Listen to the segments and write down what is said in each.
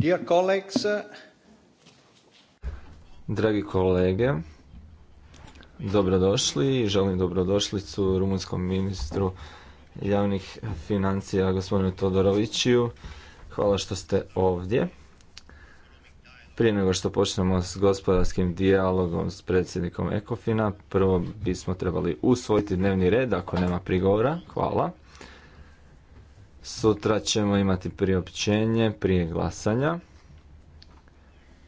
Dear Dragi kolege, dobrodošli i želim dobrodošlicu rumunskom ministru javnih financija gospodinu Todoroviću. Hvala što ste ovdje. Prije nego što počnemo s gospodarskim dijalogom s predsjednikom Ekofina, prvo bismo trebali usvojiti dnevni red ako nema prigovora. Hvala. Sutra ćemo imati priopćenje prije glasanja.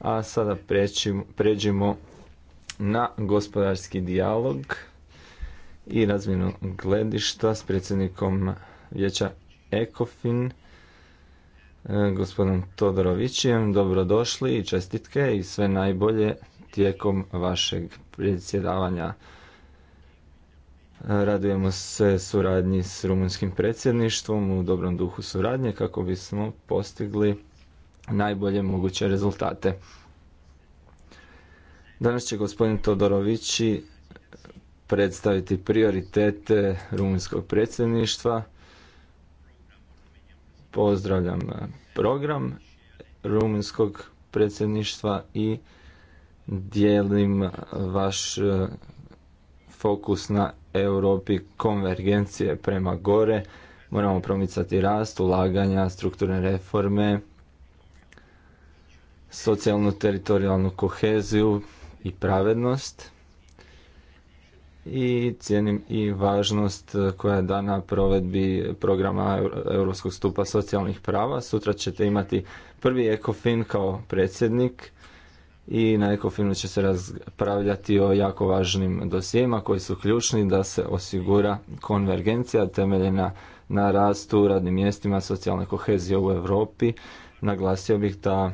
A sada pređimo, na gospodarski dijalog i razminu gledišta s predsjednikom vijeća ECOFIN e, gospodom Todorovićijem. Dobrodošli i čestitke i sve najbolje tijekom vašeg predsjedavanja. Radujemo se suradnji s rumunskim predsjedništvom u dobrom duhu suradnje kako bismo postigli najbolje moguće rezultate. Danas će gospodin Todorovići predstaviti prioritete rumunskog predsjedništva. Pozdravljam program rumunskog predsjedništva i dijelim vaš fokus na Europi konvergencije prema gore. Moramo promicati rast, ulaganja, strukturne reforme, socijalnu teritorijalnu koheziju i pravednost. I cijenim i važnost koja je dana provedbi programa Europskog stupa socijalnih prava. Sutra ćete imati prvi ECOFIN kao predsjednik i na Ekofinu će se raspravljati o jako važnim dosijema koji su ključni da se osigura konvergencija temeljena na rastu, radnim mjestima, socijalne kohezije u Europi. Naglasio bih da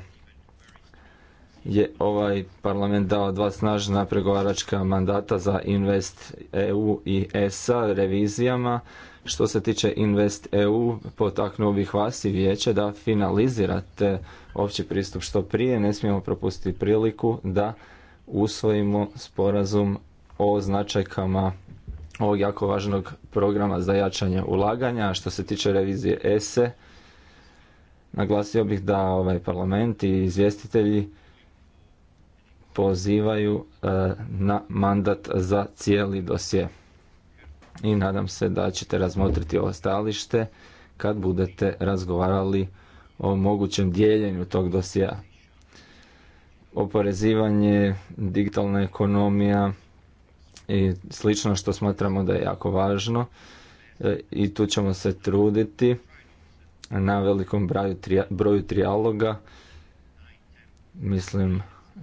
je ovaj parlament dao dva snažna pregovaračka mandata za Invest EU i ESA revizijama što se tiče Invest EU, potaknuo bih vas i vijeće da finalizirate opći pristup što prije. Ne smijemo propustiti priliku da usvojimo sporazum o značajkama ovog jako važnog programa za jačanje ulaganja. Što se tiče revizije ESE, e, naglasio bih da ovaj parlament i izvjestitelji pozivaju e, na mandat za cijeli dosje i nadam se da ćete razmotriti ovo stajalište kad budete razgovarali o mogućem dijeljenju tog dosija. Oporezivanje, digitalna ekonomija i slično što smatramo da je jako važno e, i tu ćemo se truditi na velikom broju, broju trijaloga. Mislim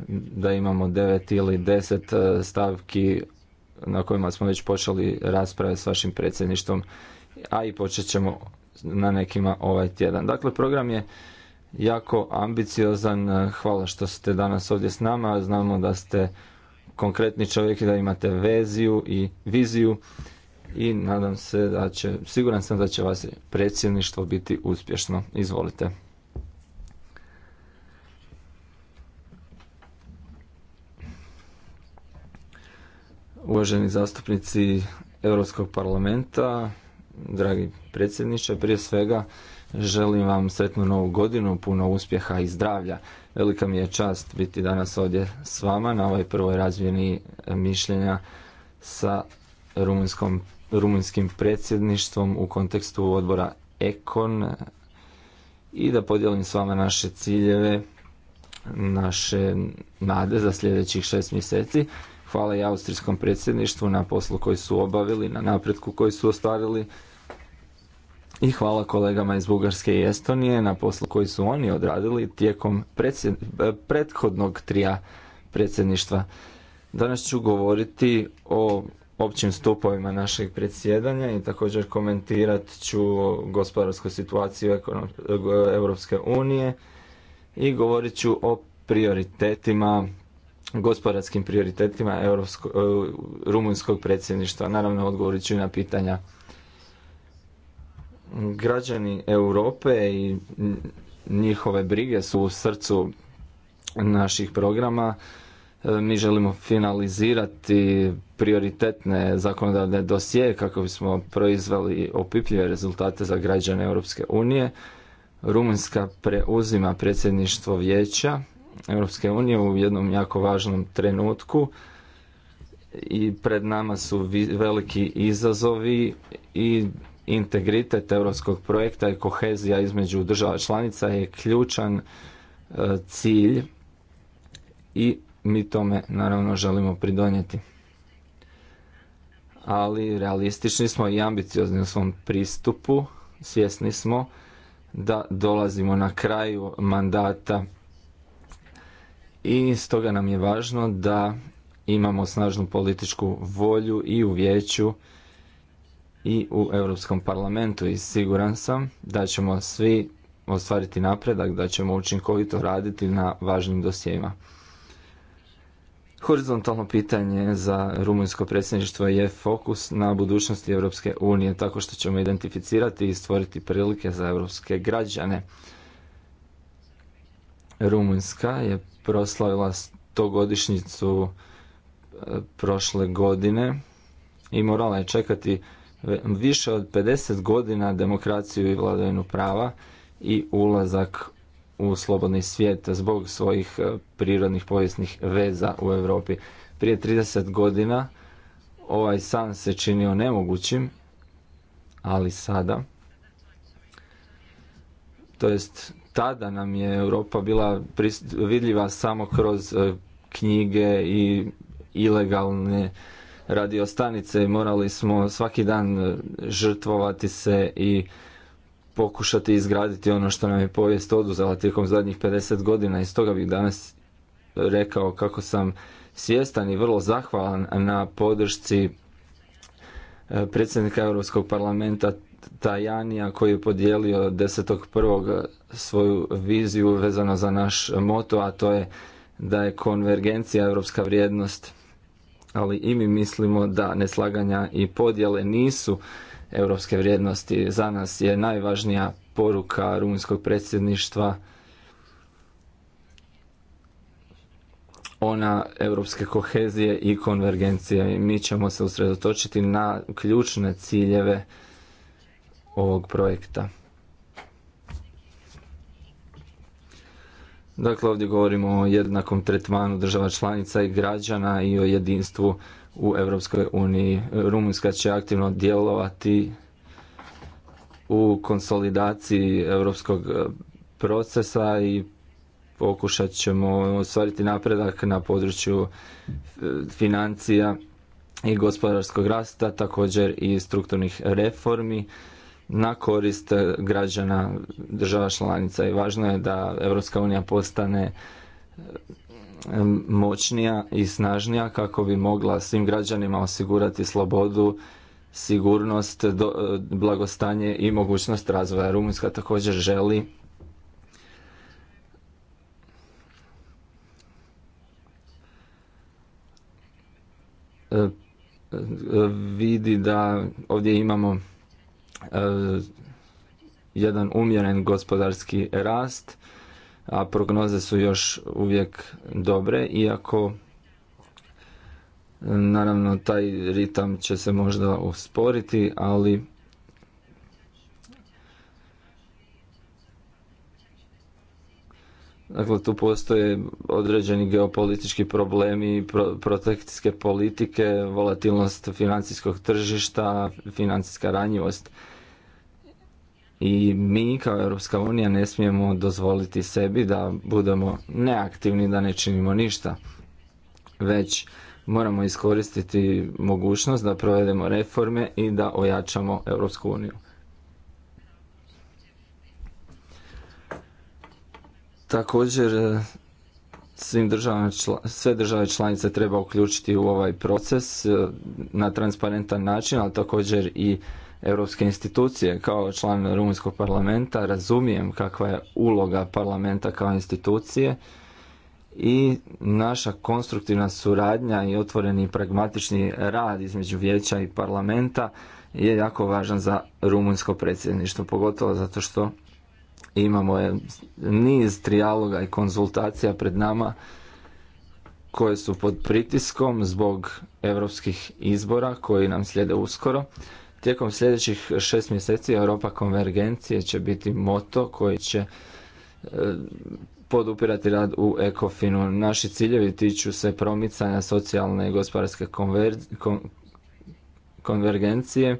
da imamo 9 ili 10 e, stavki na kojima smo već počeli rasprave s vašim predsjedništvom, a i počet ćemo na nekima ovaj tjedan. Dakle, program je jako ambiciozan. Hvala što ste danas ovdje s nama. Znamo da ste konkretni čovjek i da imate veziju i viziju i nadam se da će, siguran sam da će vas predsjedništvo biti uspješno. Izvolite. uvaženi zastupnici Europskog parlamenta, dragi predsjedniče, prije svega želim vam sretnu novu godinu, puno uspjeha i zdravlja. Velika mi je čast biti danas ovdje s vama na ovoj prvoj razvijeni mišljenja sa rumunjskim predsjedništvom u kontekstu odbora Ekon i da podijelim s vama naše ciljeve, naše nade za sljedećih šest mjeseci Hvala i austrijskom predsjedništvu na poslu koji su obavili, na napretku koji su ostvarili. I hvala kolegama iz Bugarske i Estonije na poslu koji su oni odradili tijekom prethodnog trija predsjedništva. Danas ću govoriti o općim stupovima našeg predsjedanja i također komentirat ću gospodarsku situaciju Europske unije i govorit ću o prioritetima gospodarskim prioritetima e, rumunjskog predsjedništva. Naravno, odgovorit ću na pitanja građani Europe i njihove brige su u srcu naših programa. E, mi želimo finalizirati prioritetne zakonodavne dosije kako bismo proizvali opipljive rezultate za građane Europske unije. Rumunjska preuzima predsjedništvo vijeća Europske unije u jednom jako važnom trenutku i pred nama su veliki izazovi i integritet europskog projekta i kohezija između država članica je ključan e, cilj i mi tome naravno želimo pridonijeti. Ali realistični smo i ambiciozni u svom pristupu, svjesni smo da dolazimo na kraju mandata i stoga nam je važno da imamo snažnu političku volju i u vijeću i u Europskom parlamentu i siguran sam da ćemo svi ostvariti napredak, da ćemo učinkovito raditi na važnim dosjejima. Horizontalno pitanje za rumunjsko predsjedništvo je fokus na budućnosti Europske unije tako što ćemo identificirati i stvoriti prilike za europske građane. Rumunjska je proslavila godišnjicu e, prošle godine i morala je čekati više od 50 godina demokraciju i vladavinu prava i ulazak u slobodni svijet zbog svojih e, prirodnih povijesnih veza u Europi. Prije 30 godina ovaj san se činio nemogućim, ali sada, to jest tada nam je Europa bila vidljiva samo kroz e, knjige i ilegalne radiostanice i morali smo svaki dan e, žrtvovati se i pokušati izgraditi ono što nam je povijest oduzela tijekom zadnjih 50 godina i stoga bih danas rekao kako sam svjestan i vrlo zahvalan na podršci e, predsjednika Europskog parlamenta Tajanija koji je podijelio 10.1. svoju viziju vezano za naš moto, a to je da je konvergencija europska vrijednost. Ali i mi mislimo da neslaganja i podjele nisu europske vrijednosti. Za nas je najvažnija poruka rumunjskog predsjedništva ona europske kohezije i konvergencije. Mi ćemo se usredotočiti na ključne ciljeve ovog projekta. Dakle, ovdje govorimo o jednakom tretmanu država članica i građana i o jedinstvu u Europskoj uniji. Rumunjska će aktivno djelovati u konsolidaciji europskog e, procesa i pokušat ćemo ostvariti napredak na području e, financija i gospodarskog rasta, također i strukturnih reformi na korist eh, građana država članica i važno je da Europska unija postane eh, moćnija i snažnija kako bi mogla svim građanima osigurati slobodu, sigurnost, eh, blagostanje i mogućnost razvoja. Rumunjska također želi vidi da ovdje imamo E, jedan umjeren gospodarski rast, a prognoze su još uvijek dobre, iako e, naravno taj ritam će se možda usporiti, ali Dakle, tu postoje određeni geopolitički problemi, protekcijske politike, volatilnost financijskog tržišta, financijska ranjivost. I mi kao Europska unija ne smijemo dozvoliti sebi da budemo neaktivni, da ne činimo ništa. Već moramo iskoristiti mogućnost da provedemo reforme i da ojačamo Europsku uniju. Također, e, svim sve države članice treba uključiti u ovaj proces e, na transparentan način, ali također i europske institucije. Kao član Rumunjskog parlamenta razumijem kakva je uloga parlamenta kao institucije i naša konstruktivna suradnja i otvoreni pragmatični rad između vijeća i parlamenta je jako važan za rumunjsko predsjedništvo, pogotovo zato što Imamo je niz trijaloga i konzultacija pred nama koje su pod pritiskom zbog europskih izbora koji nam slijede uskoro. Tijekom sljedećih šest mjeseci Europa konvergencije će biti moto koji će e, podupirati rad u ECOFIN-u. Naši ciljevi tiču se promicanja socijalne i gospodarske konvergencije,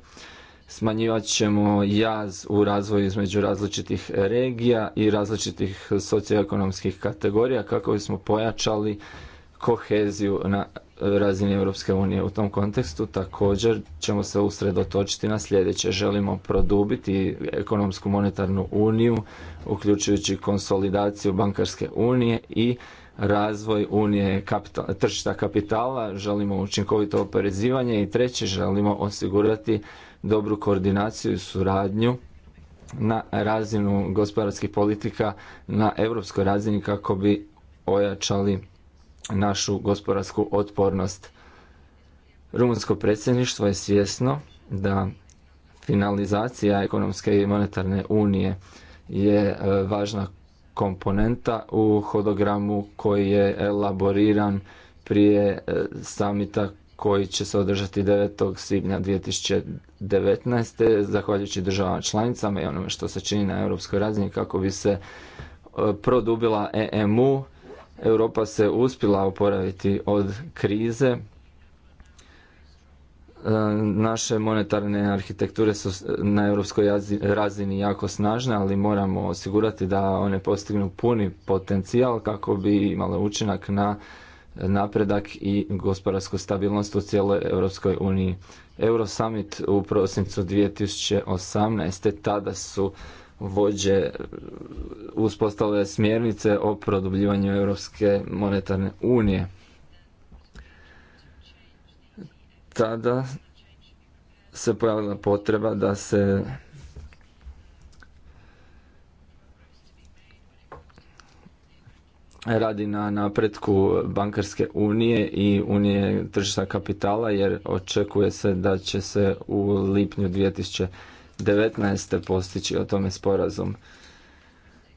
smanjivat ćemo jaz u razvoju između različitih regija i različitih socioekonomskih kategorija kako bismo pojačali koheziju na razini Europske unije. U tom kontekstu također ćemo se usredotočiti na sljedeće. Želimo produbiti ekonomsku monetarnu uniju, uključujući konsolidaciju bankarske unije i razvoj unije kapital, tržišta kapitala, želimo učinkovito oporezivanje i treće želimo osigurati dobru koordinaciju i suradnju na razinu gospodarskih politika na europskoj razini kako bi ojačali našu gospodarsku otpornost. Rumunsko predsjedništvo je svjesno da finalizacija ekonomske i monetarne unije je e, važna komponenta u hodogramu koji je elaboriran prije e, samita koji će se održati 9. svibnja 2019. zahvaljujući državama članicama i onome što se čini na europskoj razini kako bi se e, produbila EMU. Europa se uspjela oporaviti od krize. E, naše monetarne arhitekture su na europskoj razini jako snažne, ali moramo osigurati da one postignu puni potencijal kako bi imale učinak na napredak i gospodarsku stabilnost u cijeloj Europskoj uniji. Eurosummit u prosincu 2018. tada su vođe uspostavile smjernice o produbljivanju Europske monetarne unije. Tada se pojavila potreba da se radi na napretku bankarske unije i unije tržišta kapitala jer očekuje se da će se u lipnju 2019. postići o tome sporazum.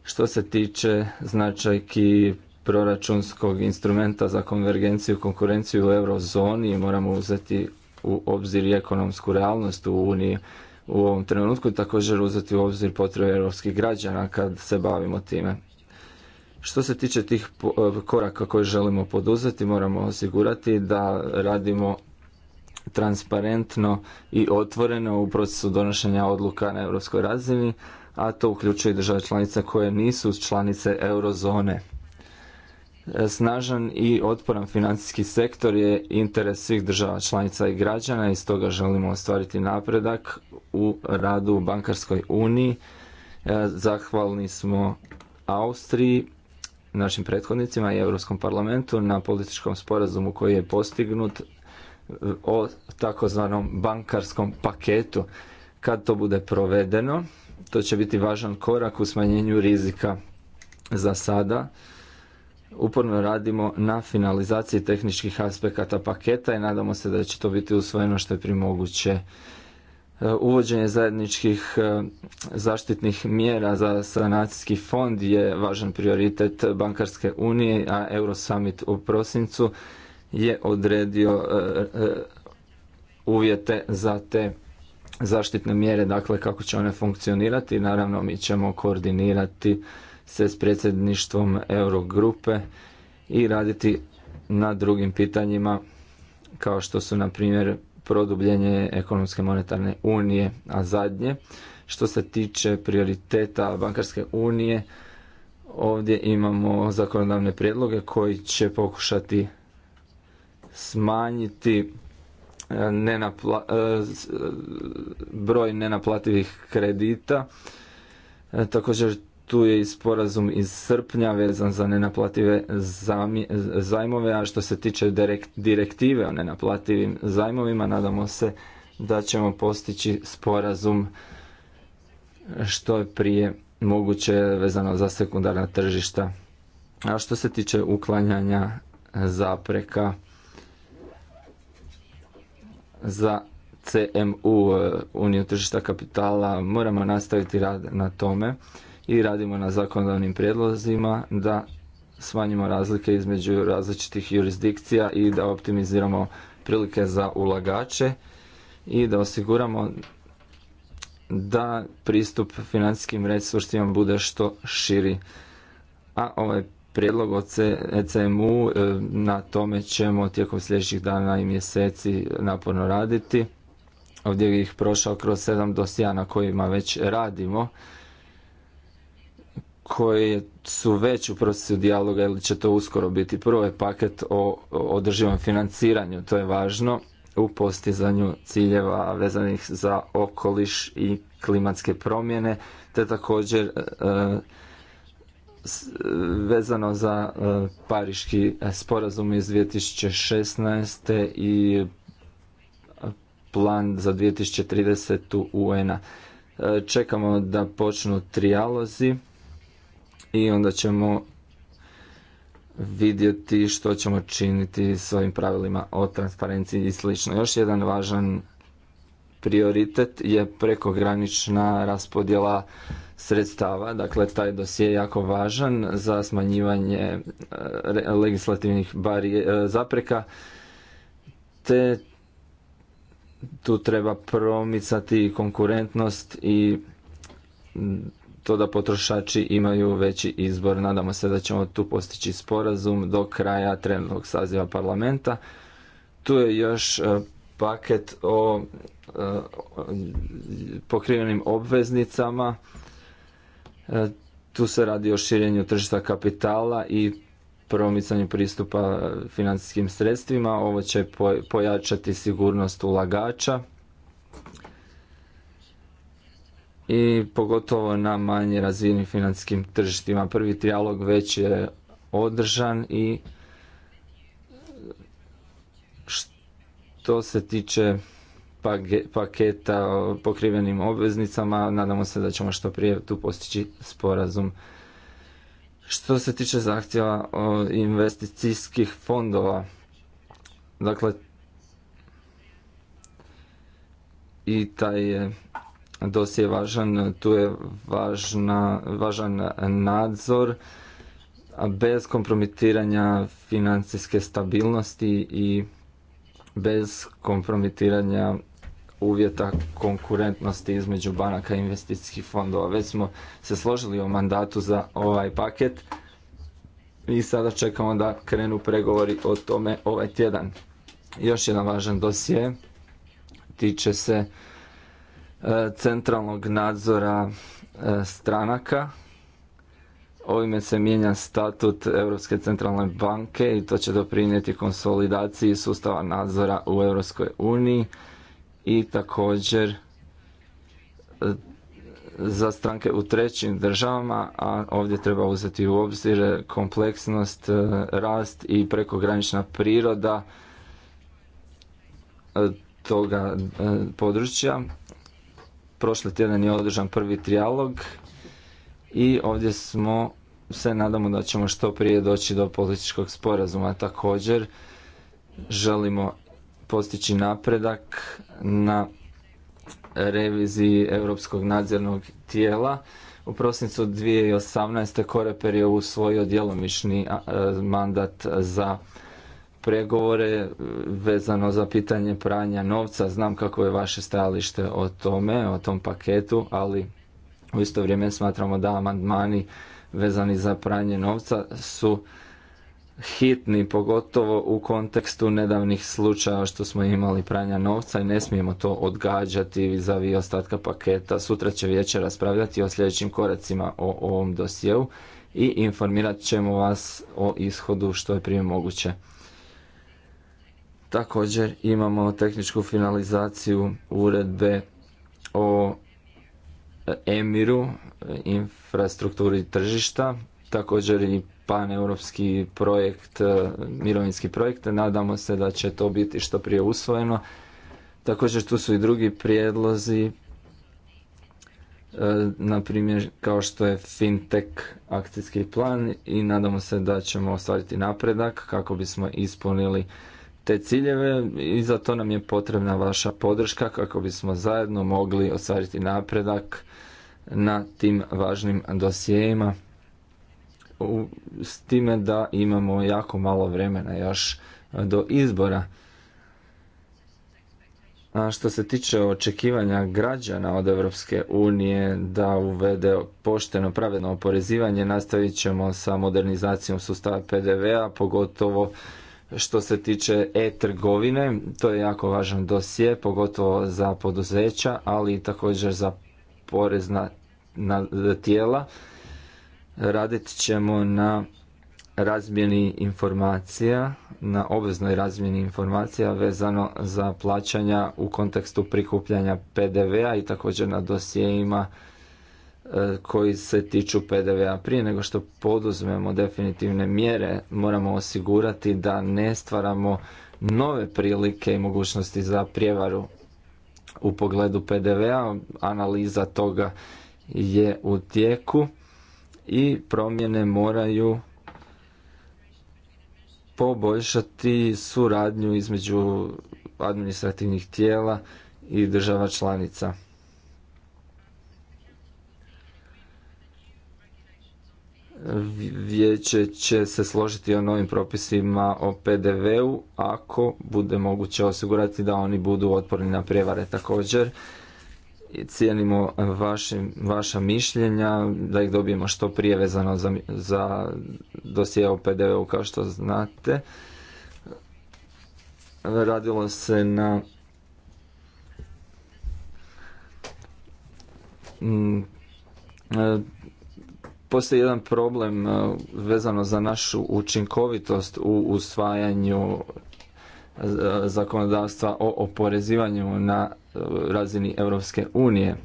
Što se tiče značajki proračunskog instrumenta za konvergenciju i konkurenciju u eurozoni, moramo uzeti u obzir i ekonomsku realnost u Uniji u ovom trenutku i također uzeti u obzir potrebe europskih građana kad se bavimo time. Što se tiče tih e, koraka koje želimo poduzeti, moramo osigurati da radimo transparentno i otvoreno u procesu donošenja odluka na europskoj razini, a to uključuje i države članice koje nisu članice eurozone. E, snažan i otporan financijski sektor je interes svih država članica i građana i stoga želimo ostvariti napredak u radu u bankarskoj uniji. E, zahvalni smo Austriji našim prethodnicima i Europskom parlamentu na političkom sporazumu koji je postignut e, o takozvanom bankarskom paketu. Kad to bude provedeno, to će biti važan korak u smanjenju rizika za sada. Uporno radimo na finalizaciji tehničkih aspekata paketa i nadamo se da će to biti usvojeno što je primoguće E, uvođenje zajedničkih e, zaštitnih mjera za sanacijski fond je važan prioritet bankarske unije, a Euro Summit u prosincu je odredio e, uvjete za te zaštitne mjere, dakle kako će one funkcionirati. Naravno mi ćemo koordinirati se s predsjedništvom Eurogrupe i raditi na drugim pitanjima kao što su na primjer produbljenje ekonomske monetarne unije, a zadnje što se tiče prioriteta bankarske unije, ovdje imamo zakonodavne prijedloge koji će pokušati smanjiti e, e, e, broj nenaplativih kredita. Također tu je i sporazum iz srpnja vezan za nenaplative zajmove, a što se tiče direktive o nenaplativim zajmovima, nadamo se da ćemo postići sporazum što je prije moguće vezano za sekundarna tržišta. A što se tiče uklanjanja zapreka za CMU, eh, Uniju tržišta kapitala, moramo nastaviti rad na tome i radimo na zakonodavnim prijedlozima da smanjimo razlike između različitih jurisdikcija i da optimiziramo prilike za ulagače i da osiguramo da pristup financijskim resursima bude što širi. A ovaj prijedlog od ECMU e, na tome ćemo tijekom sljedećih dana i mjeseci naporno raditi. Ovdje bih prošao kroz sedam dosijana kojima već radimo koje su već u procesu dijaloga ili će to uskoro biti. Prvo je paket o održivom financiranju, to je važno u postizanju ciljeva vezanih za okoliš i klimatske promjene, te također e, vezano za e, Pariški sporazum iz 2016. i plan za 2030. UN-a. E, čekamo da počnu trijalozi i onda ćemo vidjeti što ćemo činiti s ovim pravilima o transparenciji i slično. Još jedan važan prioritet je prekogranična raspodjela sredstava. Dakle, taj dosije je jako važan za smanjivanje e, legislativnih e, zapreka, te tu treba promicati konkurentnost i to da potrošači imaju veći izbor. Nadamo se da ćemo tu postići sporazum do kraja trenutnog saziva parlamenta. Tu je još e, paket o e, pokrivenim obveznicama. E, tu se radi o širenju tržišta kapitala i promicanju pristupa financijskim sredstvima. Ovo će pojačati sigurnost ulagača i pogotovo na manje razvijenim financijskim tržištima. Prvi trijalog već je održan i što se tiče paketa pokrivenim obveznicama, nadamo se da ćemo što prije tu postići sporazum. Što se tiče zahtjeva investicijskih fondova, dakle, i taj je dosje važan, tu je važna, važan nadzor bez kompromitiranja financijske stabilnosti i bez kompromitiranja uvjeta konkurentnosti između banaka i investicijskih fondova. Već smo se složili o mandatu za ovaj paket i sada čekamo da krenu pregovori o tome ovaj tjedan. Još jedan važan dosje tiče se E, centralnog nadzora e, stranaka. Ovime se mijenja statut Europske centralne banke i to će doprinijeti konsolidaciji sustava nadzora u Europskoj uniji i također e, za stranke u trećim državama, a ovdje treba uzeti u obzir kompleksnost, rast i prekogranična priroda toga područja Prošli tjedan je održan prvi trijalog i ovdje smo se nadamo da ćemo što prije doći do političkog sporazuma. Također želimo postići napredak na reviziji Europskog nadzornog tijela. U prosincu 2018. Koreper je usvojio djelomični e, mandat za pregovore e, vezano za pitanje pranja novca. Znam kako je vaše stajalište o tome, o tom paketu, ali u isto vrijeme smatramo da amandmani vezani za pranje novca su hitni, pogotovo u kontekstu nedavnih slučaja što smo imali pranja novca i ne smijemo to odgađati za vi ostatka paketa. Sutra će vijeće raspravljati o sljedećim koracima o ovom dosjeu i informirat ćemo vas o ishodu što je prije moguće. Također imamo tehničku finalizaciju uredbe o Emiru, infrastrukturi tržišta, također i paneuropski projekt, e, mirovinski projekt. Nadamo se da će to biti što prije usvojeno. Također tu su i drugi prijedlozi, e, na primjer kao što je fintech akcijski plan i nadamo se da ćemo ostvariti napredak kako bismo ispunili te ciljeve i za to nam je potrebna vaša podrška kako bismo zajedno mogli ostvariti napredak na tim važnim dosijejima s time da imamo jako malo vremena još do izbora. A što se tiče očekivanja građana od Europske unije da uvede pošteno pravedno oporezivanje, nastavit ćemo sa modernizacijom sustava PDV-a, pogotovo što se tiče e-trgovine. To je jako važan dosje, pogotovo za poduzeća, ali i također za porezna tijela. Radit ćemo na razmjeni informacija, na obveznoj razmjeni informacija vezano za plaćanja u kontekstu prikupljanja PDV-a i također na dosjeima koji se tiču PDV-a. Prije nego što poduzmemo definitivne mjere, moramo osigurati da ne stvaramo nove prilike i mogućnosti za prijevaru u pogledu PDV-a. Analiza toga je u tijeku i promjene moraju poboljšati suradnju između administrativnih tijela i država članica. vijeće će se složiti o novim propisima o PDV-u ako bude moguće osigurati da oni budu otporni na prijevare također. Cijenimo vaša mišljenja da ih dobijemo što prije vezano za, za dosije o PDV-u kao što znate. Radilo se na mm, Postoji jedan problem e, vezano za našu učinkovitost u usvajanju e, zakonodavstva o oporezivanju na e, razini Europske unije.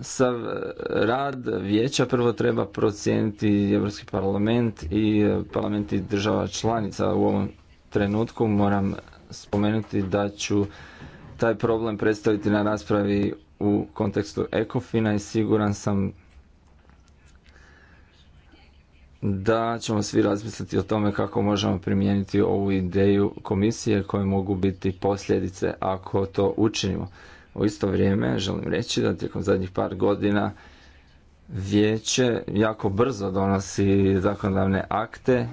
Sav rad vijeća prvo treba procijeniti Europski parlament i parlamenti država članica u ovom trenutku moram spomenuti da ću taj problem predstaviti na raspravi u kontekstu Ekofina i siguran sam da ćemo svi razmisliti o tome kako možemo primijeniti ovu ideju komisije koje mogu biti posljedice ako to učinimo. U isto vrijeme želim reći da tijekom zadnjih par godina vijeće jako brzo donosi zakonodavne akte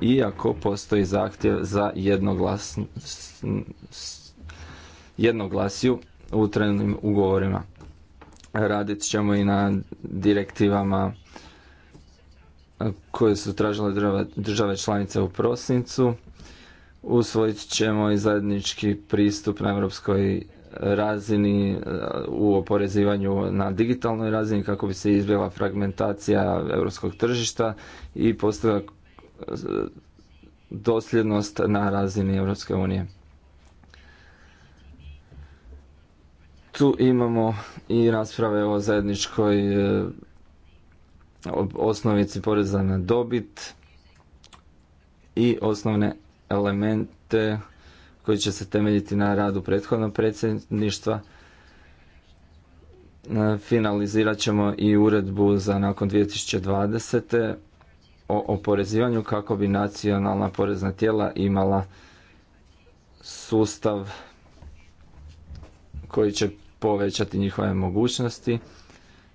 iako postoji zahtjev za jednoglasnost jednoglasju u trenutnim ugovorima. Radit ćemo i na direktivama e, koje su tražile države članice u prosincu. Usvojit ćemo i zajednički pristup na europskoj razini e, u oporezivanju na digitalnoj razini kako bi se izbjela fragmentacija europskog tržišta i postavila e, dosljednost na razini Europske unije. Tu imamo i rasprave o zajedničkoj e, osnovici poreza na dobit i osnovne elemente koji će se temeljiti na radu prethodnog predsjedništva. E, finalizirat ćemo i uredbu za nakon 2020. o oporezivanju kako bi nacionalna porezna tijela imala sustav koji će povećati njihove mogućnosti.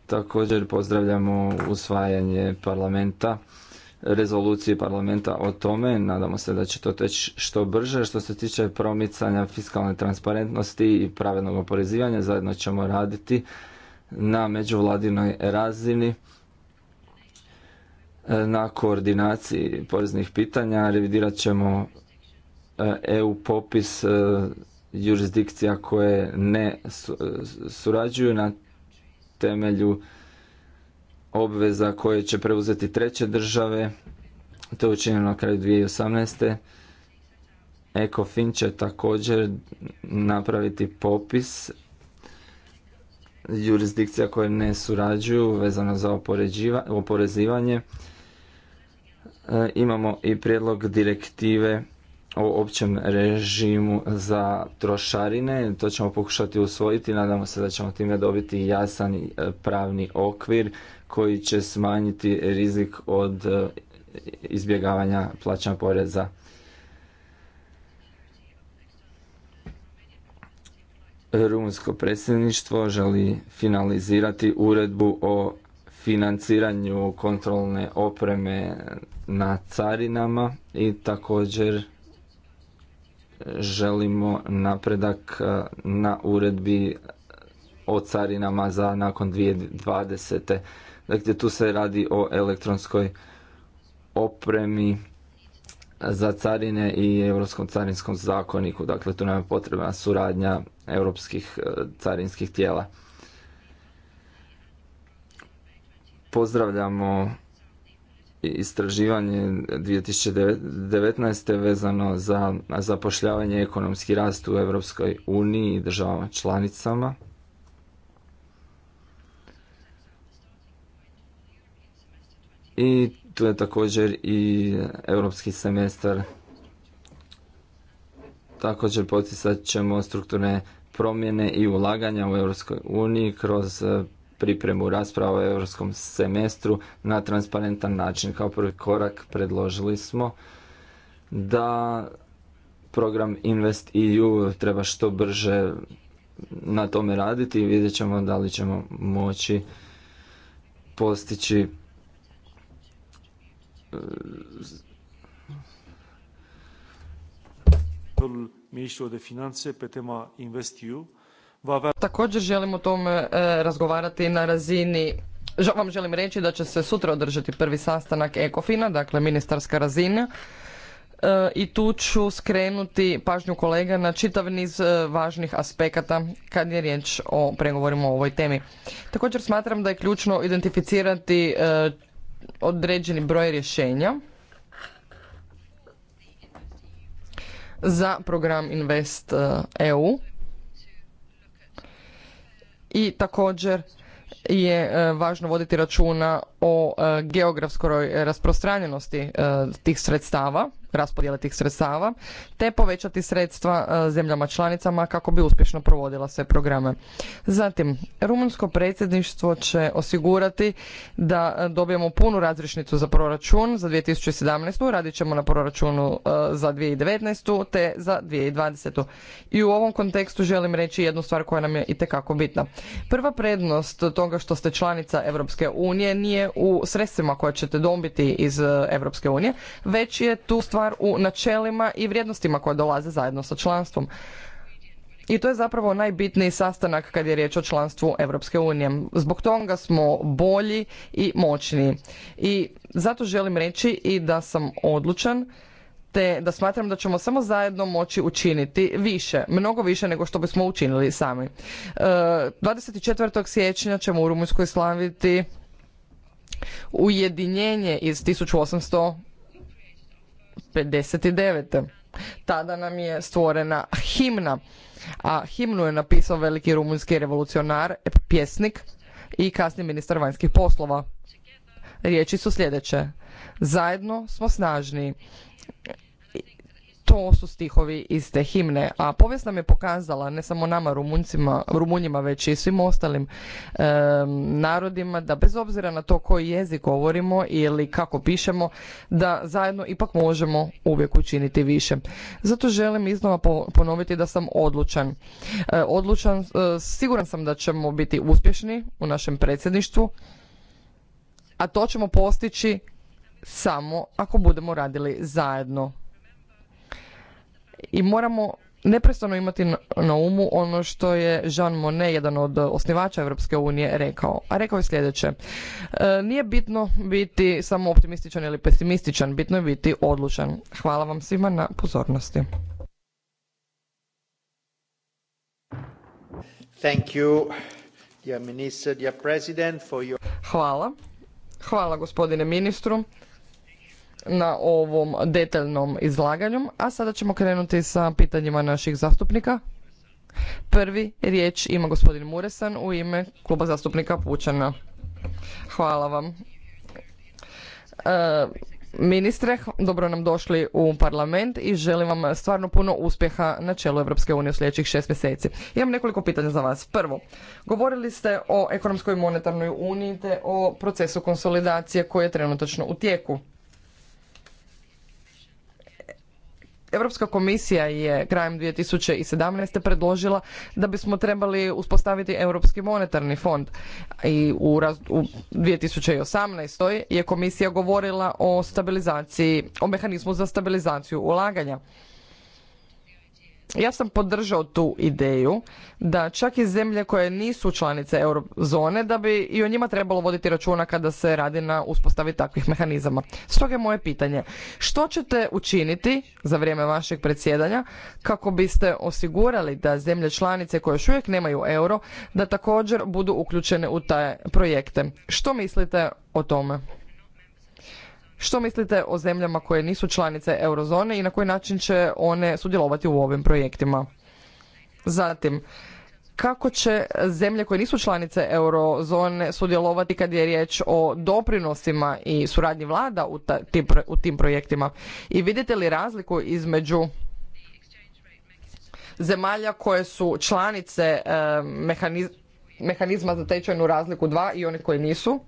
Također pozdravljamo usvajanje parlamenta, rezolucije parlamenta o tome. Nadamo se da će to teći što brže. Što se tiče promicanja fiskalne transparentnosti i pravednog oporezivanja, zajedno ćemo raditi na međuvladinoj razini e, na koordinaciji poreznih pitanja. Revidirat ćemo e, EU popis e, jurisdikcija koje ne surađuju na temelju obveza koje će preuzeti treće države. To je učinjeno na kraju 2018. ECOFIN će također napraviti popis jurisdikcija koje ne surađuju vezano za oporezivanje. E, imamo i prijedlog direktive o općem režimu za trošarine. To ćemo pokušati usvojiti. Nadamo se da ćemo time dobiti jasan e, pravni okvir koji će smanjiti rizik od e, izbjegavanja plaćanja poreza. Rumunsko predsjedništvo želi finalizirati uredbu o financiranju kontrolne opreme na carinama i također želimo napredak e, na uredbi o carinama za nakon 2020. Dakle, tu se radi o elektronskoj opremi za carine i Europskom carinskom zakoniku. Dakle, tu nam je potrebna suradnja europskih e, carinskih tijela. Pozdravljamo istraživanje 2019. vezano za zapošljavanje i ekonomski rast u Europskoj uniji i državama članicama. I tu je također i europski semestar. Također poticat ćemo strukturne promjene i ulaganja u Europskoj uniji kroz pripremu rasprava o europskom semestru na transparentan način. Kao prvi korak predložili smo da program Invest EU treba što brže na tome raditi i vidjet ćemo da li ćemo moći postići e, ministru de finance pe tema EU. Također želim o tome e, razgovarati na razini vam želim reći da će se sutra održati prvi sastanak Ekofina, dakle ministarska razina. E, I tu ću skrenuti pažnju kolega na čitav niz e, važnih aspekata kad je riječ o pregovorima o ovoj temi. Također smatram da je ključno identificirati određeni broj rješenja za program Invest EU i također je e, važno voditi računa o e, geografskoj rasprostranjenosti e, tih sredstava raspodjele tih sredstava, te povećati sredstva e, zemljama članicama kako bi uspješno provodila sve programe. Zatim, rumunsko predsjedništvo će osigurati da e, dobijemo punu razrišnicu za proračun za 2017. Radit ćemo na proračunu e, za 2019. te za 2020. I u ovom kontekstu želim reći jednu stvar koja nam je itekako bitna. Prva prednost toga što ste članica Europske unije nije u sredstvima koje ćete dobiti iz Europske unije, već je tu stvar stvar u načelima i vrijednostima koje dolaze zajedno sa članstvom. I to je zapravo najbitniji sastanak kad je riječ o članstvu Europske unije. Zbog toga smo bolji i moćniji. I zato želim reći i da sam odlučan te da smatram da ćemo samo zajedno moći učiniti više, mnogo više nego što bismo učinili sami. 24. E, siječnja ćemo u Rumunjskoj slaviti ujedinjenje iz 1800 59. Tada nam je stvorena himna, a himnu je napisao veliki rumunski revolucionar, pjesnik i kasni ministar vanjskih poslova. Riječi su sljedeće. Zajedno smo snažni to su stihovi iz te himne. A povijest nam je pokazala, ne samo nama rumuncima Rumunjima, već i svim ostalim narodima, da bez obzira na to koji jezik govorimo ili kako pišemo, da zajedno ipak možemo uvijek učiniti više. Zato želim iznova ponoviti da sam odlučan. E, odlučan, e, siguran sam da ćemo biti uspješni u našem predsjedništvu, a to ćemo postići samo ako budemo radili zajedno i moramo neprestano imati na umu ono što je Jean Monnet, jedan od e, osnivača Europske unije, rekao. A rekao je sljedeće. E, nije bitno biti samo optimističan ili pesimističan, bitno je biti odlučan. Hvala vam svima na pozornosti. Thank you, dear minister, dear for your... Hvala. Hvala gospodine ministru na ovom detaljnom izlaganju, a sada ćemo krenuti sa pitanjima naših zastupnika. Prvi riječ ima gospodin Muresan u ime kluba zastupnika Pučana. Hvala vam. E, ministre, dobro nam došli u parlament i želim vam stvarno puno uspjeha na čelu Europske unije u sljedećih šest mjeseci. Imam nekoliko pitanja za vas. Prvo, govorili ste o ekonomskoj monetarnoj uniji te o procesu konsolidacije koji je trenutačno u tijeku. Europska komisija je krajem 2017. predložila da bismo trebali uspostaviti Europski monetarni fond i u, raz, u 2018. je komisija govorila o stabilizaciji, o mehanizmu za stabilizaciju ulaganja ja sam podržao tu ideju da čak i zemlje koje nisu članice eurozone da bi i o njima trebalo voditi računa kada se radi na uspostavi takvih mehanizama. Stoga je moje pitanje, što ćete učiniti za vrijeme vašeg predsjedanja kako biste osigurali da zemlje članice koje još uvijek nemaju euro da također budu uključene u te projekte? Što mislite o tome? Što mislite o zemljama koje nisu članice eurozone i na koji način će one sudjelovati u ovim projektima? Zatim, kako će zemlje koje nisu članice eurozone sudjelovati kad je riječ o doprinosima i suradnji vlada u, tim, u tim projektima? I vidite li razliku između zemalja koje su članice eh, mehanizma za tečajnu razliku 2 i oni koje nisu?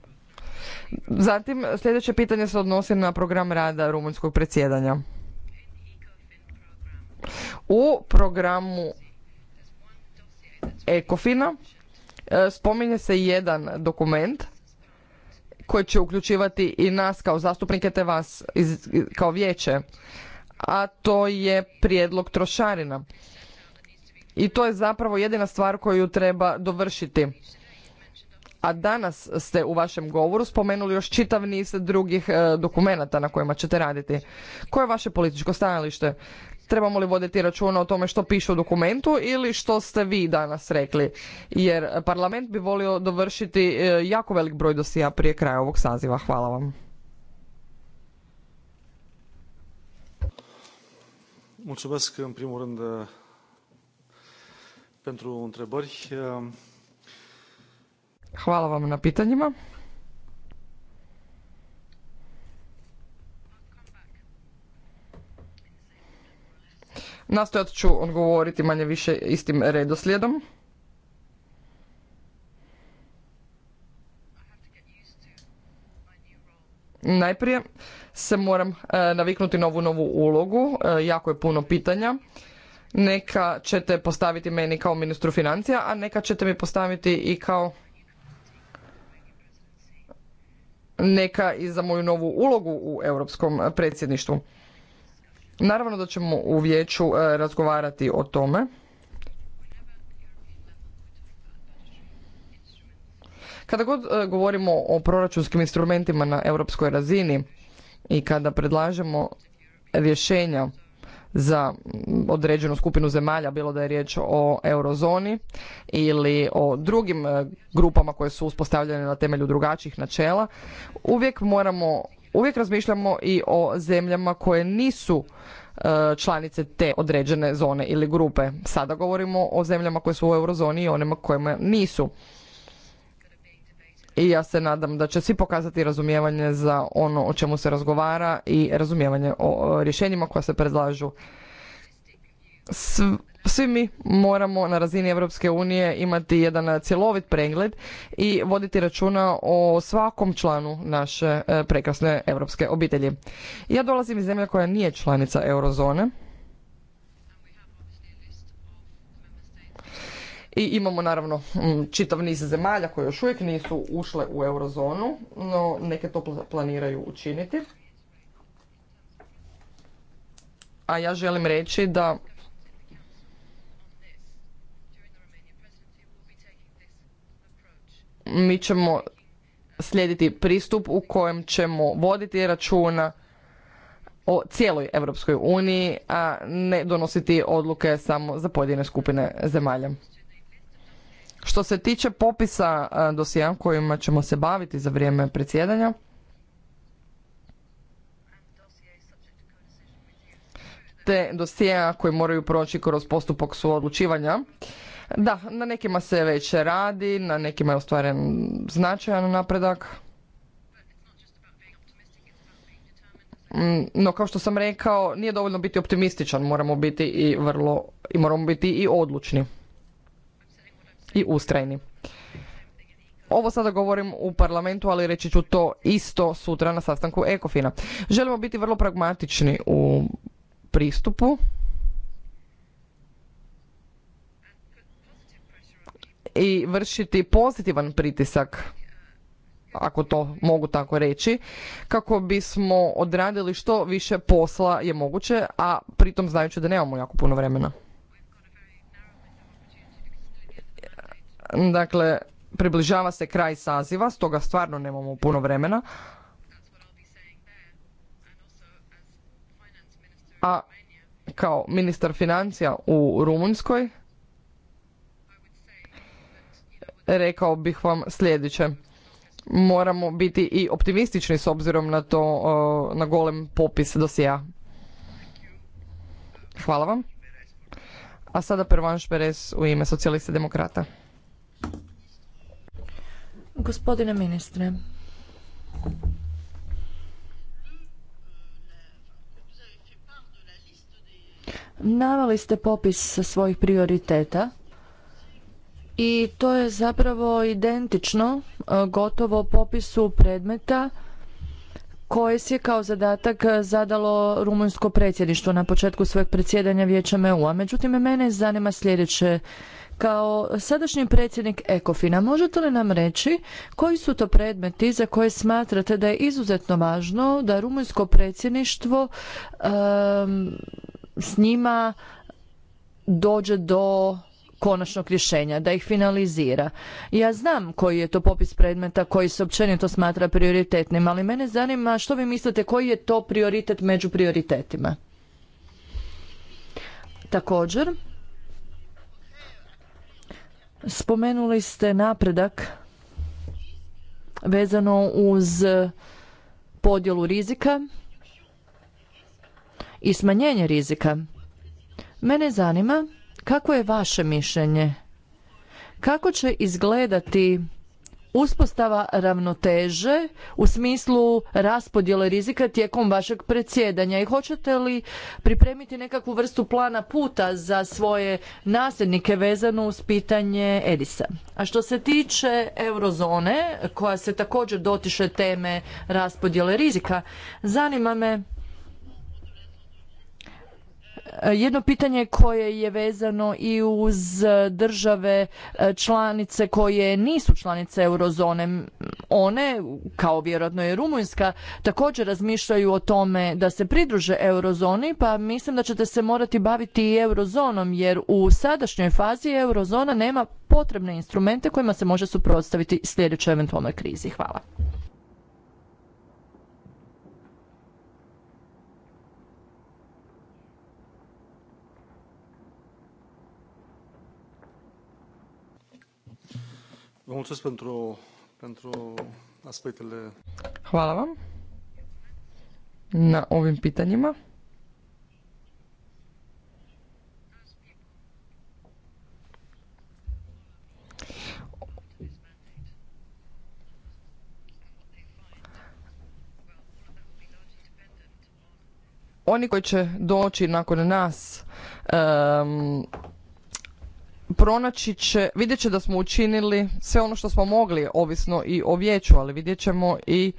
Zatim, sljedeće pitanje se odnosi na program rada rumunjskog predsjedanja. U programu Ekofina e, spominje se jedan dokument koji će uključivati i nas kao zastupnike te vas iz, kao vijeće, a to je prijedlog trošarina. I to je zapravo jedina stvar koju treba dovršiti a danas ste u vašem govoru spomenuli još čitav niz drugih e, dokumenata na kojima ćete raditi. Koje je vaše političko stajalište? Trebamo li voditi računa o tome što piše u dokumentu ili što ste vi danas rekli? Jer parlament bi volio dovršiti e, jako velik broj dosija prije kraja ovog saziva. Hvala vam. Mulțumesc, în primul rând, pentru întrebări. Hvala vam na pitanjima. Nastojat ću odgovoriti manje više istim redoslijedom. Najprije se moram e, naviknuti novu novu ulogu, e, jako je puno pitanja. Neka ćete postaviti meni kao ministru financija, a neka ćete mi postaviti i kao neka i za moju novu ulogu u europskom predsjedništvu. Naravno da ćemo u vijeću e, razgovarati o tome. Kada god e, govorimo o proračunskim instrumentima na europskoj razini i kada predlažemo rješenja za određenu skupinu zemalja, bilo da je riječ o eurozoni ili o drugim e, grupama koje su uspostavljene na temelju drugačijih načela, uvijek moramo, uvijek razmišljamo i o zemljama koje nisu e, članice te određene zone ili grupe. Sada govorimo o zemljama koje su u eurozoni i onima kojima nisu i ja se nadam da će svi pokazati razumijevanje za ono o čemu se razgovara i razumijevanje o rješenjima koja se predlažu. Svi mi moramo na razini Europske unije imati jedan cjelovit pregled i voditi računa o svakom članu naše e, prekrasne europske obitelji. Ja dolazim iz zemlje koja nije članica eurozone, I imamo naravno mm, čitav niz zemalja koje još uvijek nisu ušle u eurozonu, no neke to planiraju učiniti. A ja želim reći da mi ćemo slijediti pristup u kojem ćemo voditi računa o cijeloj Europskoj uniji, a ne donositi odluke samo za pojedine skupine zemalja. Što se tiče popisa e, dosija kojima ćemo se baviti za vrijeme predsjedanja, te dosija koji moraju proći kroz postupak suodlučivanja. Da, na nekima se već radi, na nekima je ostvaren značajan napredak. Mm, no kao što sam rekao, nije dovoljno biti optimističan, moramo biti i vrlo i moramo biti i odlučni i ustrajni. Ovo sada govorim u parlamentu, ali reći ću to isto sutra na sastanku Ekofina. Želimo biti vrlo pragmatični u pristupu. I vršiti pozitivan pritisak, ako to mogu tako reći, kako bismo odradili što više posla je moguće, a pritom znajući da nemamo jako puno vremena. Dakle, približava se kraj saziva, stoga stvarno nemamo puno vremena. A kao ministar financija u Rumunjskoj rekao bih vam sljedeće. Moramo biti i optimistični s obzirom na to, na golem popis dosija. Hvala vam. A sada Pervanš Šperes u ime socijalista demokrata. Gospodine ministre, navali ste popis svojih prioriteta i to je zapravo identično e, gotovo popisu predmeta koje si je kao zadatak zadalo rumunjsko predsjedništvo na početku svojeg predsjedanja Vijećem eu Međutim, mene zanima sljedeće kao sadašnji predsjednik Ekofina, možete li nam reći koji su to predmeti za koje smatrate da je izuzetno važno da rumunjsko predsjedništvo um, s njima dođe do konačnog rješenja, da ih finalizira. Ja znam koji je to popis predmeta koji se općenito smatra prioritetnim, ali mene zanima što vi mislite koji je to prioritet među prioritetima. Također, Spomenuli ste napredak vezano uz podjelu rizika i smanjenje rizika. Mene zanima kako je vaše mišljenje. Kako će izgledati uspostava ravnoteže u smislu raspodjele rizika tijekom vašeg predsjedanja i hoćete li pripremiti nekakvu vrstu plana puta za svoje nasljednike vezano uz pitanje Edisa. A što se tiče eurozone koja se također dotiče teme raspodjele rizika, zanima me jedno pitanje koje je vezano i uz države e, članice koje nisu članice eurozone. One, kao vjerojatno je Rumunjska, također razmišljaju o tome da se pridruže eurozoni, pa mislim da ćete se morati baviti i eurozonom, jer u sadašnjoj fazi eurozona nema potrebne instrumente kojima se može suprotstaviti sljedećoj eventualnoj krizi. Hvala. Hvala vam na ovim pitanjima. Oni koji će doći nakon nas pronaći će, vidjet će da smo učinili sve ono što smo mogli, ovisno i o vijeću, ali vidjet ćemo i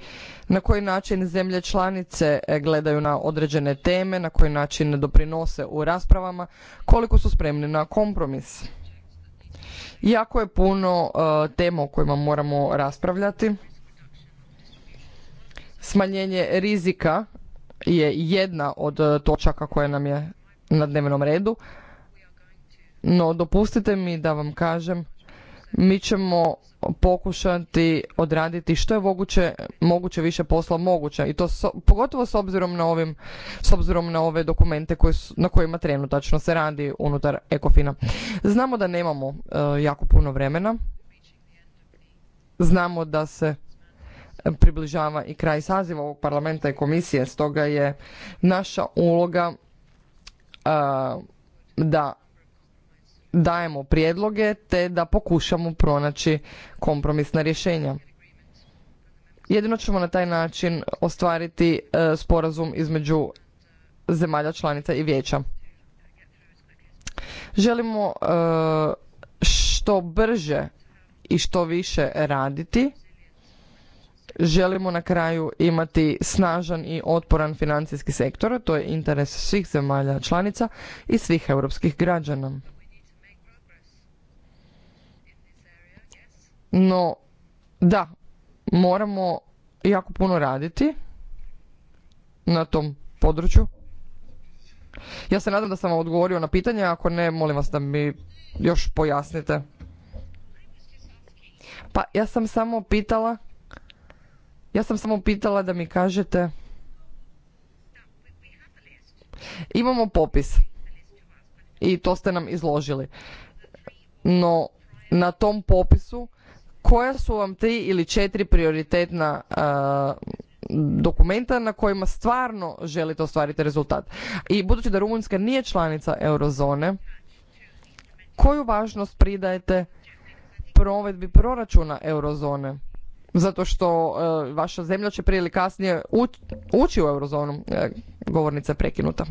na koji način zemlje članice e, gledaju na određene teme, na koji način doprinose u raspravama, koliko su spremni na kompromis. Jako je puno uh, tema o kojima moramo raspravljati. Smanjenje rizika je jedna od e, točaka koja nam je na dnevnom redu, no, dopustite mi da vam kažem, mi ćemo pokušati odraditi što je moguće, moguće više posla moguće, i to pogotovo s obzirom na ovim, s obzirom na ove dokumente su, na kojima trenutačno se radi unutar Ekofina. Znamo da nemamo e, jako puno vremena. Znamo da se približava i kraj saziva ovog parlamenta i komisije, stoga je naša uloga e, da dajemo prijedloge te da pokušamo pronaći kompromisna rješenja. Jedino ćemo na taj način ostvariti e, sporazum između zemalja članica i vijeća. Želimo e, što brže i što više raditi. Želimo na kraju imati snažan i otporan financijski sektor, to je interes svih zemalja članica i svih europskih građana. No, da, moramo jako puno raditi na tom području. Ja se nadam da sam vam odgovorio na pitanje, ako ne, molim vas da mi još pojasnite. Pa ja sam samo pitala, ja sam samo pitala da mi kažete, imamo popis i to ste nam izložili, no na tom popisu koja su vam tri ili četiri prioritetna dokumenta na kojima stvarno želite ostvariti rezultat. I budući da Rumunjska nije članica eurozone, koju važnost pridajete provedbi proračuna eurozone? Zato što e, vaša zemlja će prije ili kasnije ući u eurozonu. E, govornica je prekinuta.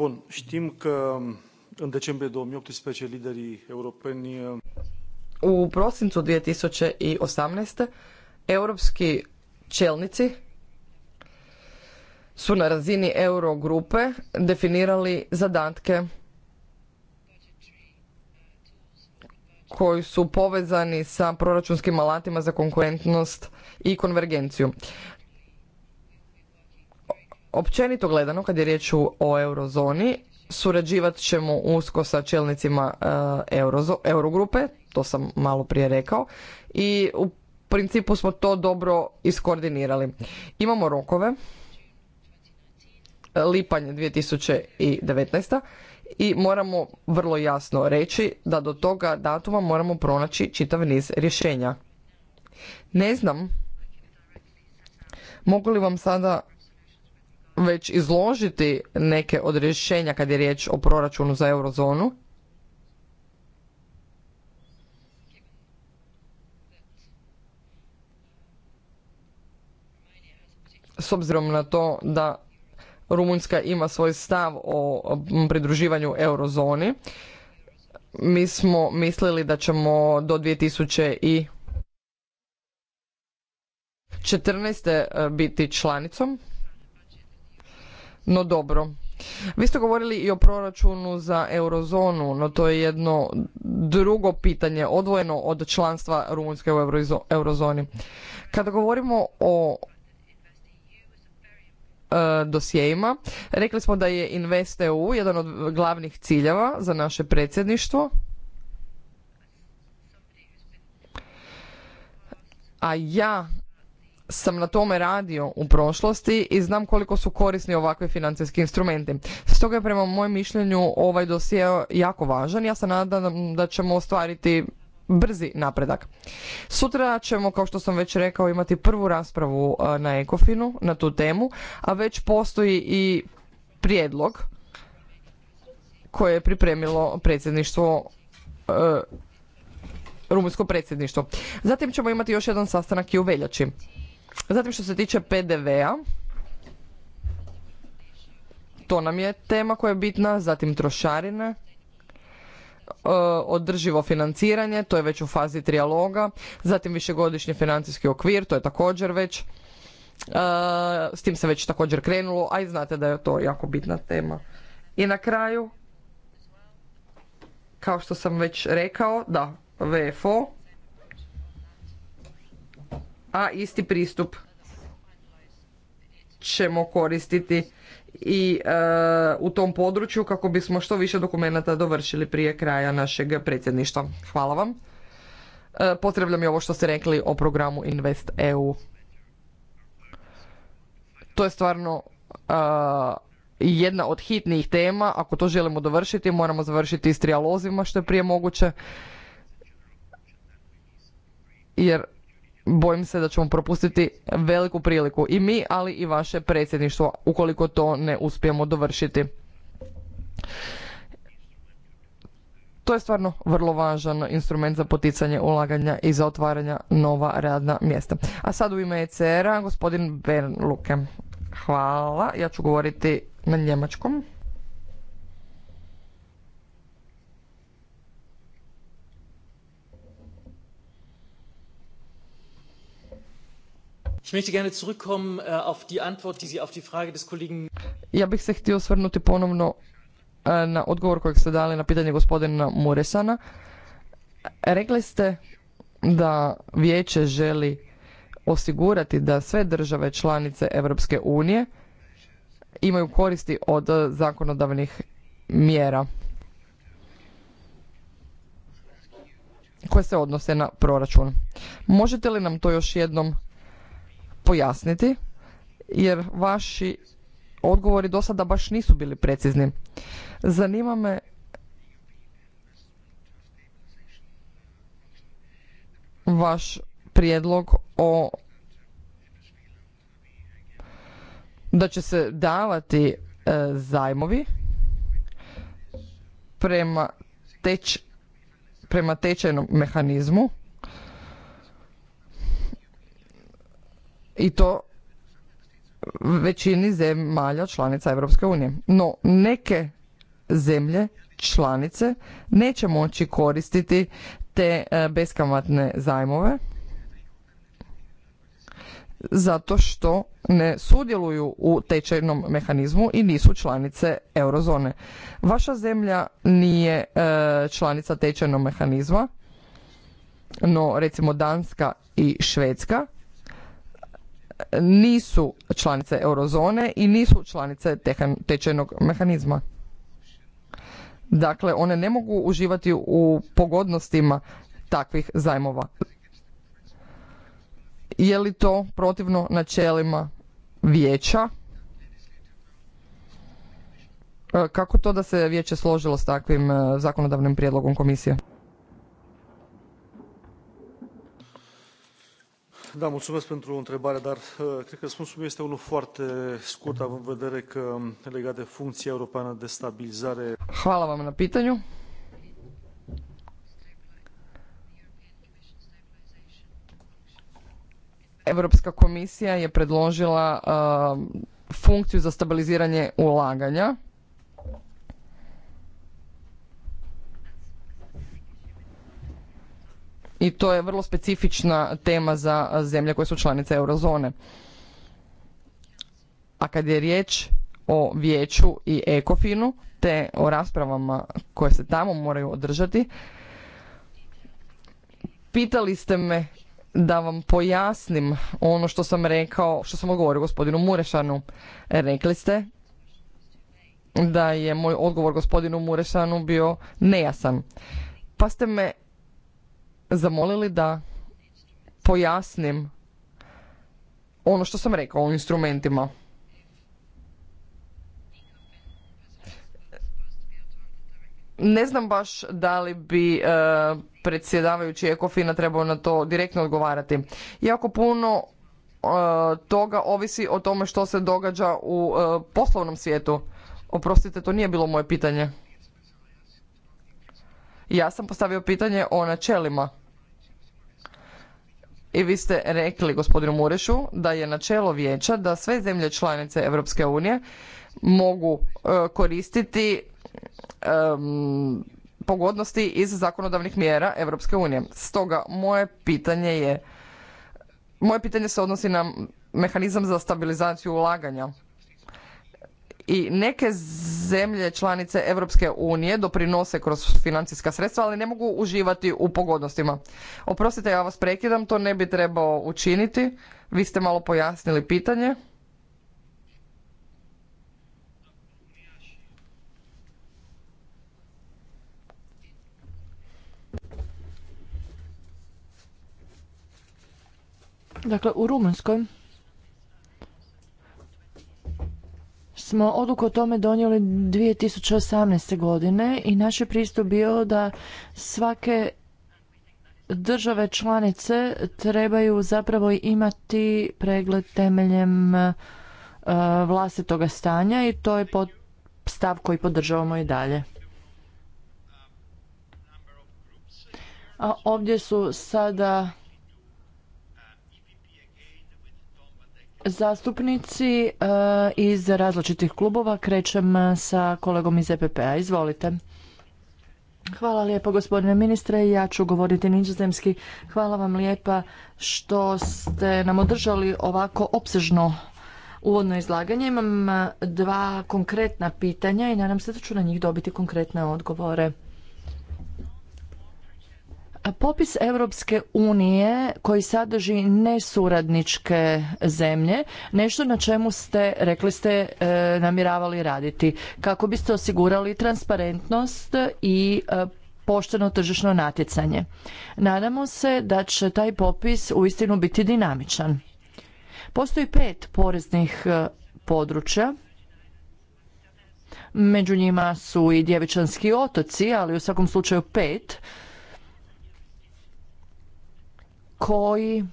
Bun, știm că um, în decembrie 2018 liderii europeni um, u prosincu 2018. europski čelnici su na razini Eurogrupe definirali zadatke koji su povezani sa proračunskim alatima za konkurentnost i konvergenciju općenito gledano kad je riječ o eurozoni surađivat ćemo usko sa čelnicima e, Eurozo, Eurogrupe, to sam malo prije rekao, i u principu smo to dobro iskoordinirali. Imamo rokove, lipanj 2019. i moramo vrlo jasno reći da do toga datuma moramo pronaći čitav niz rješenja. Ne znam, mogu li vam sada već izložiti neke od rješenja kad je riječ o proračunu za eurozonu. S obzirom na to da Rumunjska ima svoj stav o pridruživanju eurozoni, mi smo mislili da ćemo do 2014. i e, biti članicom no dobro. Vi ste govorili i o proračunu za eurozonu, no to je jedno drugo pitanje, odvojeno od članstva Rumunjske u eurozoni. Kada govorimo o e, dosjejima. Rekli smo da je InvestEU EU jedan od glavnih ciljeva za naše predsjedništvo. A ja sam na tome radio u prošlosti i znam koliko su korisni ovakvi financijski instrumenti. Stoga je prema mojem mišljenju ovaj dosije jako važan. Ja se nadam da ćemo ostvariti brzi napredak. Sutra ćemo, kao što sam već rekao, imati prvu raspravu na Ekofinu na tu temu, a već postoji i prijedlog koje je pripremilo predsjedništvo rumunjsko predsjedništvo. Zatim ćemo imati još jedan sastanak i u veljači. Zatim što se tiče PDV-a, to nam je tema koja je bitna, zatim trošarine, e, održivo financiranje, to je već u fazi trijaloga, zatim višegodišnji financijski okvir, to je također već, e, s tim se već također krenulo, a i znate da je to jako bitna tema. I na kraju, kao što sam već rekao, da, VFO, a isti pristup ćemo koristiti i e, u tom području kako bismo što više dokumenata dovršili prije kraja našeg predsjedništva. Hvala vam. E, potrebno je ovo što ste rekli o programu Invest EU. To je stvarno e, jedna od hitnijih tema. Ako to želimo dovršiti, moramo završiti s trijalozima što je prije moguće. Jer bojim se da ćemo propustiti veliku priliku i mi, ali i vaše predsjedništvo ukoliko to ne uspijemo dovršiti. To je stvarno vrlo važan instrument za poticanje ulaganja i za otvaranja nova radna mjesta. A sad u ime ECR-a gospodin Ben Luke. Hvala, ja ću govoriti na njemačkom. Ja bih se htio osvrnuti ponovno äh, na odgovor kojeg ste dali na pitanje gospodina Muresana. Rekli ste da vijeće želi osigurati da sve države članice Europske unije imaju koristi od zakonodavnih mjera koje se odnose na proračun. Možete li nam to još jednom pojasniti jer vaši odgovori do sada baš nisu bili precizni. Zanima me vaš prijedlog o da će se davati e, zajmovi prema prema tečajnom mehanizmu i to većini zemalja članica Europske unije. No neke zemlje članice neće moći koristiti te e, beskamatne zajmove zato što ne sudjeluju u tečajnom mehanizmu i nisu članice eurozone. Vaša zemlja nije e, članica tečajnog mehanizma, no recimo Danska i Švedska nisu članice eurozone i nisu članice tečajnog mehanizma. Dakle, one ne mogu uživati u pogodnostima takvih zajmova. Je li to protivno načelima vijeća? E, kako to da se vijeće složilo s takvim e, zakonodavnim prijedlogom komisije? Da, mulțumesc pentru întrebare, dar uh, cred că răspunsul este unul foarte scurt, având în vedere că um, legat de funcția europeană de stabilizare. Hvala vam na pitanju. Europska komisija je predložila uh, funkciju za stabiliziranje ulaganja i to je vrlo specifična tema za zemlje koje su članice eurozone. A kad je riječ o vijeću i ekofinu te o raspravama koje se tamo moraju održati, pitali ste me da vam pojasnim ono što sam rekao, što sam odgovorio gospodinu Murešanu. Rekli ste da je moj odgovor gospodinu Murešanu bio nejasan. Pa ste me zamolili da pojasnim ono što sam rekao o instrumentima. Ne znam baš da li bi uh, predsjedavajući Ekofina trebao na to direktno odgovarati. Jako puno e, toga ovisi o tome što se događa u e, poslovnom svijetu. Oprostite, to nije bilo moje pitanje. Ja sam postavio pitanje o načelima i vi ste rekli gospodinu Murešu da je načelo vijeća da sve zemlje članice Europske unije mogu e, koristiti pogodnosti iz zakonodavnih mjera Europske unije. Stoga moje pitanje je moje pitanje se odnosi na mehanizam za stabilizaciju ulaganja i neke zemlje članice Europske unije doprinose kroz financijska sredstva, ali ne mogu uživati u pogodnostima. Oprostite, ja vas prekidam, to ne bi trebao učiniti. Vi ste malo pojasnili pitanje. Dakle, u Rumunjskoj smo odluku o tome donijeli 2018. godine i naš je pristup bio da svake države članice trebaju zapravo imati pregled temeljem e, vlastitoga stanja i to je stav koji podržavamo i dalje. A ovdje su sada zastupnici e, iz različitih klubova. Krećem sa kolegom iz EPP-a. Izvolite. Hvala lijepo gospodine ministre, ja ću govoriti nizozemski. Hvala vam lijepa što ste nam održali ovako opsežno uvodno izlaganje. Imam e, dva konkretna pitanja i nadam se da ću na njih dobiti konkretne odgovore. Popis Europske unije koji sadrži nesuradničke zemlje, nešto na čemu ste, rekli ste, e, namjeravali raditi kako biste osigurali transparentnost i e, pošteno tržišno natjecanje. Nadamo se da će taj popis uistinu biti dinamičan. Postoji pet poreznih e, područja Među njima su i djevičanski otoci, ali u svakom slučaju pet koji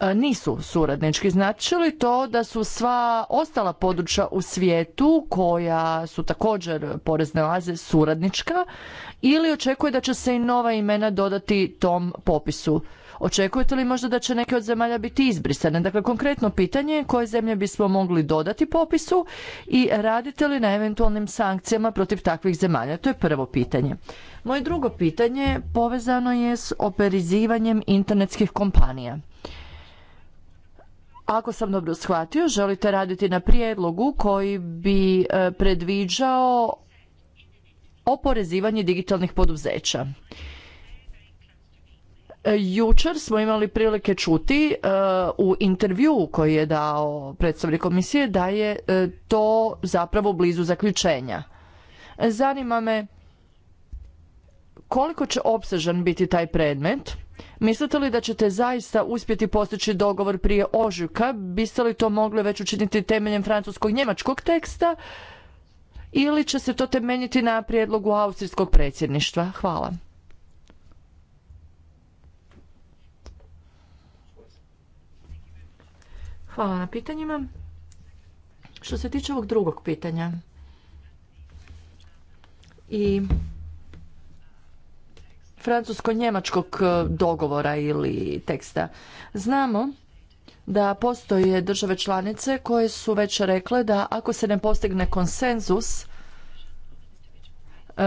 e, nisu suradnički. Znači li to da su sva ostala područja u svijetu koja su također porezne oaze suradnička ili očekuje da će se i nova imena dodati tom popisu? Očekujete li možda da će neke od zemalja biti izbrisane? Dakle, konkretno pitanje je koje zemlje bismo mogli dodati popisu i radite li na eventualnim sankcijama protiv takvih zemalja? To je prvo pitanje. Moje drugo pitanje povezano je s operizivanjem internetskih kompanija. Ako sam dobro shvatio, želite raditi na prijedlogu koji bi e, predviđao oporezivanje digitalnih poduzeća. E, jučer smo imali prilike čuti e, u intervjuu koji je dao predstavnik komisije da je e, to zapravo blizu zaključenja. Zanima me koliko će opsežan biti taj predmet? Mislite li da ćete zaista uspjeti postići dogovor prije ožujka? Biste li to mogli već učiniti temeljem francuskog-njemačkog teksta? Ili će se to temeljiti na prijedlogu austrijskog predsjedništva? Hvala. Hvala na pitanjima. Što se tiče ovog drugog pitanja i francusko-njemačkog e, dogovora ili teksta, znamo da postoje države članice koje su već rekle da ako se ne postigne konsenzus e,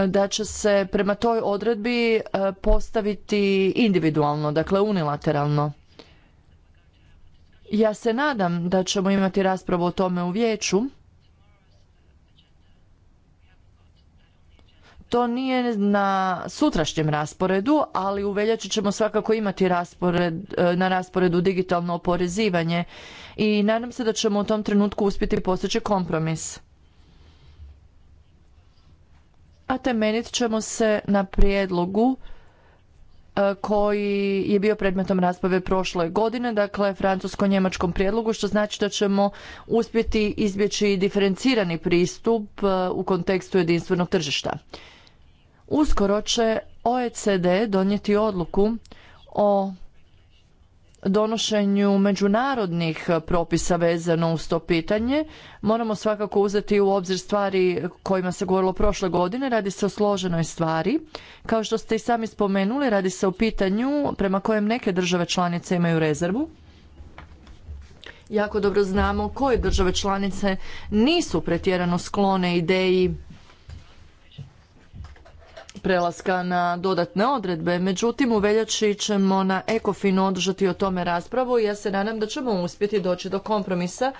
da će se prema toj odredbi e, postaviti individualno, dakle unilateralno. Ja se nadam da ćemo imati raspravu o tome u vijeću. To nije na sutrašnjem rasporedu, ali u veljači ćemo svakako imati raspored, e, na rasporedu digitalno oporezivanje i nadam se da ćemo u tom trenutku uspjeti postići kompromis. A temeljit ćemo se na prijedlogu E, koji je bio predmetom rasprave prošle godine, dakle francusko-njemačkom prijedlogu, što znači da ćemo uspjeti izbjeći diferencirani pristup e, u kontekstu jedinstvenog tržišta. Uskoro će OECD donijeti odluku o donošenju međunarodnih propisa vezano uz to pitanje moramo svakako uzeti u obzir stvari kojima se govorilo prošle godine. Radi se o složenoj stvari. Kao što ste i sami spomenuli, radi se o pitanju prema kojem neke države članice imaju rezervu. Jako dobro znamo koje države članice nisu pretjerano sklone ideji prelaska na dodatne odredbe. Međutim, u veljači ćemo na Ekofinu održati o tome raspravu i ja se nadam da ćemo uspjeti doći do kompromisa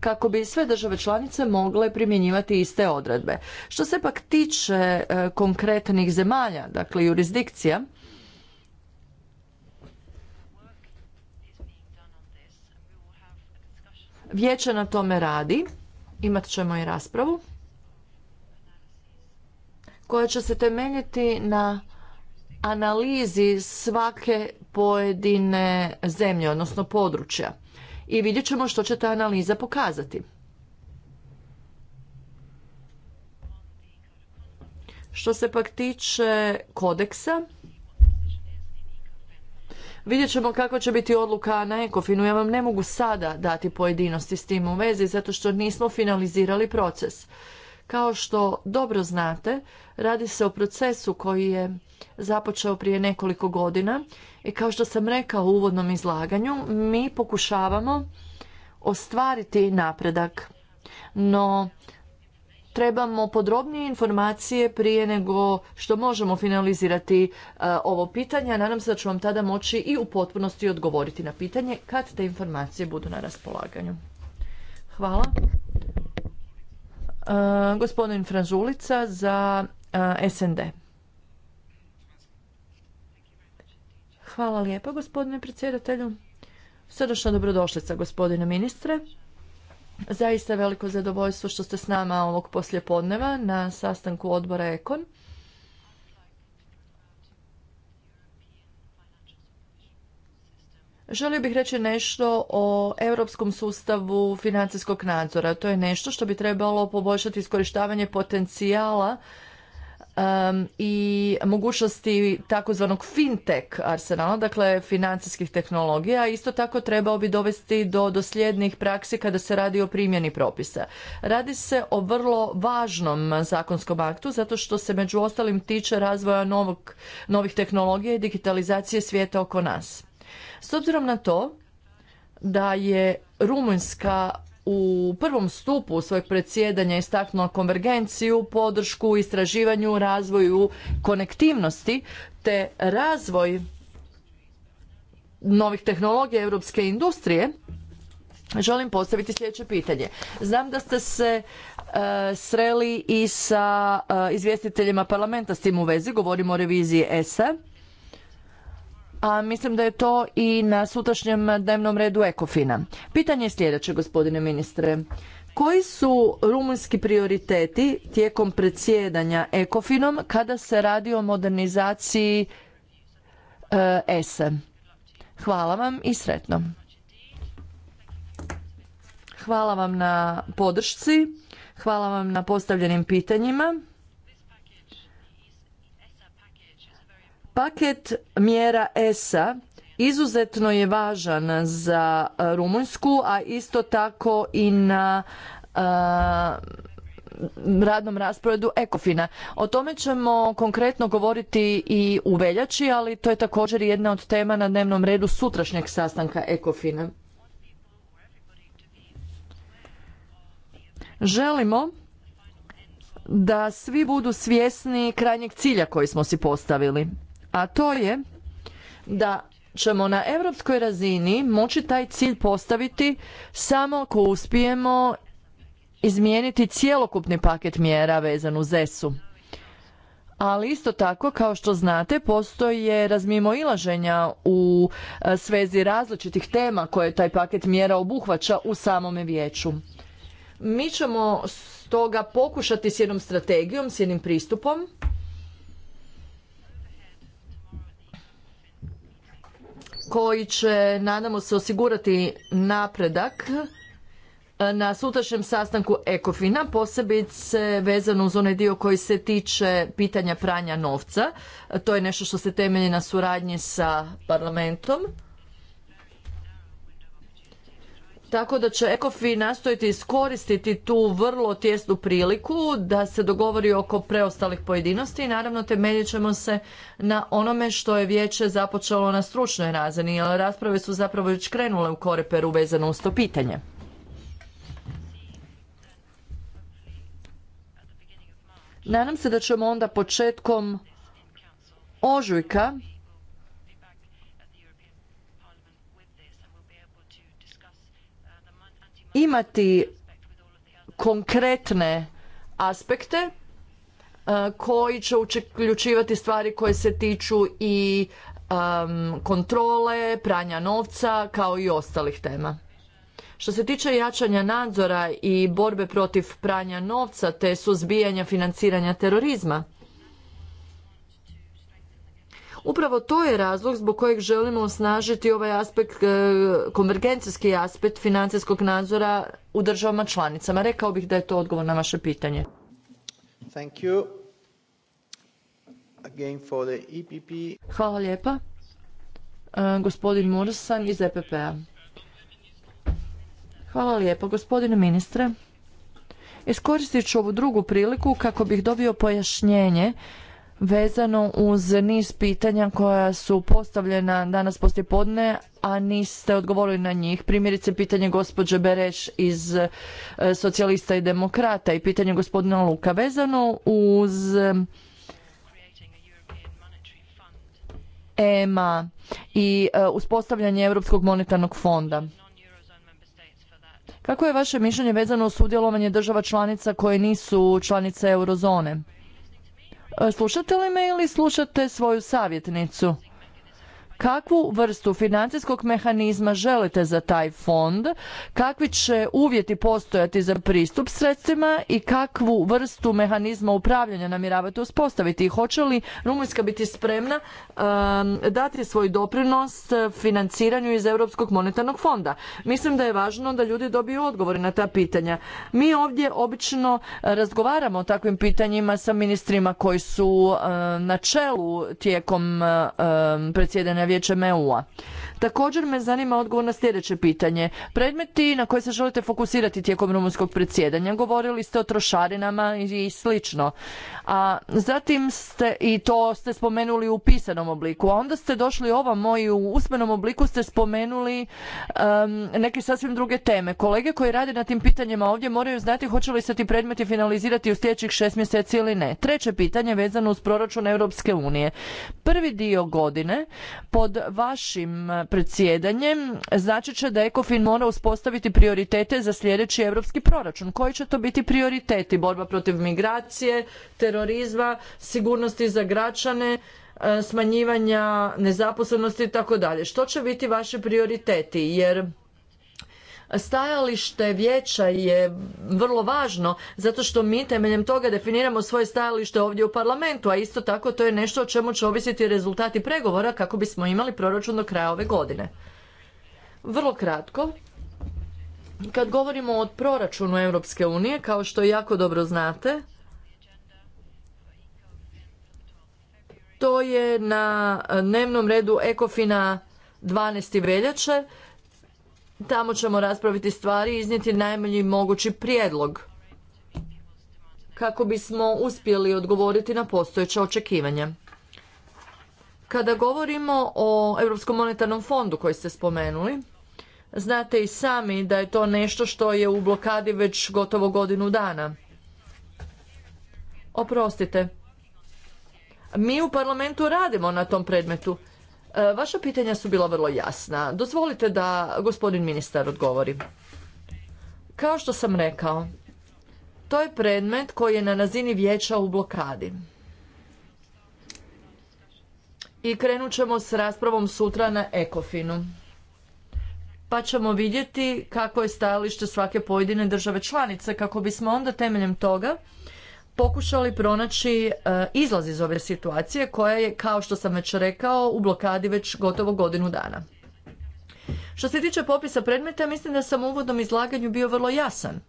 kako bi sve države članice mogle primjenjivati iste odredbe. Što se pak tiče e, konkretnih zemalja, dakle jurisdikcija, Vijeće na tome radi, imat ćemo i raspravu koja će se temeljiti na analizi svake pojedine zemlje, odnosno područja. I vidjet ćemo što će ta analiza pokazati. Što se pak tiče kodeksa, vidjet ćemo kakva će biti odluka na Ekofinu. Ja vam ne mogu sada dati pojedinosti s tim u vezi, zato što nismo finalizirali proces. Kao što dobro znate, radi se o procesu koji je započeo prije nekoliko godina i kao što sam rekao u uvodnom izlaganju, mi pokušavamo ostvariti napredak. No, trebamo podrobnije informacije prije nego što možemo finalizirati e, ovo pitanje. Nadam se da ću vam tada moći i u potpunosti odgovoriti na pitanje kad te informacije budu na raspolaganju. Hvala. E, gospodin Franžulica za e, SND. Hvala lijepo gospodine predsjedatelju. Srdačna dobrodošlica gospodine ministre. Zaista veliko zadovoljstvo što ste s nama ovog poslijepodneva na sastanku odbora Ekon. Želio bih reći nešto o europskom sustavu financijskog nadzora. To je nešto što bi trebalo poboljšati iskorištavanje potencijala um, i mogućnosti takozvanog fintech arsenala, dakle financijskih tehnologija. Isto tako trebao bi dovesti do dosljednih praksi kada se radi o primjeni propisa. Radi se o vrlo važnom zakonskom aktu zato što se među ostalim tiče razvoja novog, novih tehnologija i digitalizacije svijeta oko nas. S obzirom na to da je Rumunjska u prvom stupu svojeg predsjedanja istaknula konvergenciju, podršku, istraživanju, razvoju, konektivnosti te razvoj novih tehnologija europske industrije, želim postaviti sljedeće pitanje. Znam da ste se e, sreli i sa e, izvjestiteljima parlamenta s tim u vezi, govorimo o reviziji ESA a mislim da je to i na sutrašnjem dnevnom redu Ekofina. Pitanje je sljedeće, gospodine ministre. Koji su rumunjski prioriteti tijekom predsjedanja Ekofinom kada se radi o modernizaciji ESE? Hvala vam i sretno. Hvala vam na podršci, hvala vam na postavljenim pitanjima. Paket mjera ESA izuzetno je važan za e, Rumunjsku, a isto tako i na e, radnom rasporedu Ekofina. O tome ćemo konkretno govoriti i u veljači, ali to je također jedna od tema na dnevnom redu sutrašnjeg sastanka Ekofina. Želimo da svi budu svjesni krajnjeg cilja koji smo si postavili a to je da ćemo na europskoj razini moći taj cilj postaviti samo ako uspijemo izmijeniti cjelokupni paket mjera vezan uz u Ali isto tako, kao što znate, postoje razmimoilaženja u e, svezi različitih tema koje taj paket mjera obuhvaća u samome vijeću. Mi ćemo stoga pokušati s jednom strategijom, s jednim pristupom koji će, nadamo se, osigurati napredak e, na sutrašnjem sastanku Ekofina, posebice vezano uz onaj dio koji se tiče pitanja pranja novca. E, to je nešto što se temelji na suradnji sa parlamentom Tako da će ECOFI nastojiti iskoristiti tu vrlo tjesnu priliku da se dogovori oko preostalih pojedinosti i naravno temeljit ćemo se na onome što je vijeće započelo na stručnoj razini, jer rasprave su zapravo već krenule u koreperu vezano uz to pitanje. Nadam se da ćemo onda početkom ožujka imati konkretne aspekte e, koji će uključivati stvari koje se tiču i kontrole, pranja novca kao i ostalih tema. Što se tiče jačanja nadzora i borbe protiv pranja novca te suzbijanja financiranja terorizma, Upravo to je razlog zbog kojeg želimo osnažiti ovaj aspekt, e, konvergencijski aspekt financijskog nadzora u državama članicama. Rekao bih da je to odgovor na vaše pitanje. E Hvala lijepa. E, gospodin Mursan iz EPP-a. Hvala lijepo, gospodine ministre. Iskoristit ću ovu drugu priliku kako bih dobio pojašnjenje vezano uz niz pitanja koja su postavljena danas podne, a niste odgovorili na njih. Primjerice pitanje gospođe Bereš iz e, Socijalista i Demokrata i pitanje gospodina Luka vezano uz e, EMA i e, uspostavljanje Europskog monetarnog fonda. Kako je vaše mišljenje vezano uz sudjelovanje država članica koje nisu članice eurozone? E, slušate li me ili slušate svoju savjetnicu? kakvu vrstu financijskog mehanizma želite za taj fond, kakvi će uvjeti postojati za pristup sredstvima i kakvu vrstu mehanizma upravljanja namjeravate uspostaviti i hoće li Rumunjska biti spremna um, dati svoj doprinos financiranju iz Europskog monetarnog fonda. Mislim da je važno da ljudi dobiju odgovore na ta pitanja. Mi ovdje obično razgovaramo o takvim pitanjima sa ministrima koji su uh, na čelu tijekom uh, um, predsjedanja Vijećem EU-a. Također me zanima odgovor na sljedeće pitanje. Predmeti na koje se želite fokusirati tijekom rumunskog predsjedanja, govorili ste o trošarinama i slično. A zatim ste, i to ste spomenuli u pisanom obliku, a onda ste došli ovamo i u usmenom obliku ste spomenuli neke sasvim druge teme. Kolege koji rade na tim pitanjima ovdje moraju znati hoće li se ti predmeti finalizirati u sljedećih šest mjeseci ili ne. Treće pitanje vezano uz proračun Europske unije. Prvi dio godine pod vašim predsjedanje znači će da ECOFIN mora uspostaviti prioritete za sljedeći europski proračun. Koji će to biti prioriteti? Borba protiv migracije, terorizma, sigurnosti za građane, e, smanjivanja nezaposlenosti i tako dalje. Što će biti vaši prioriteti? Jer Stajalište vijeća je vrlo važno zato što mi temeljem toga definiramo svoje stajalište ovdje u parlamentu, a isto tako to je nešto o čemu će ovisiti rezultati pregovora kako bismo imali proračun do kraja ove godine. Vrlo kratko, kad govorimo o proračunu Europske unije, kao što jako dobro znate, to je na dnevnom redu Ekofina 12. veljače Tamo ćemo raspraviti stvari i iznijeti najmanji mogući prijedlog kako bismo uspjeli odgovoriti na postojeća očekivanja. Kada govorimo o Europskom monetarnom fondu koji ste spomenuli, znate i sami da je to nešto što je u blokadi već gotovo godinu dana. Oprostite. Mi u parlamentu radimo na tom predmetu. E, vaša pitanja su bila vrlo jasna. Dozvolite da gospodin ministar odgovori. Kao što sam rekao, to je predmet koji je na nazini vijeća u blokadi. I krenut ćemo s raspravom sutra na Ekofinu. Pa ćemo vidjeti kako je stajalište svake pojedine države članice kako bismo onda temeljem toga pokušali pronaći eh, izlaz iz ove situacije koja je, kao što sam već rekao, u blokadi već gotovo godinu dana. Što se tiče popisa predmeta, mislim da sam u uvodnom izlaganju bio vrlo jasan.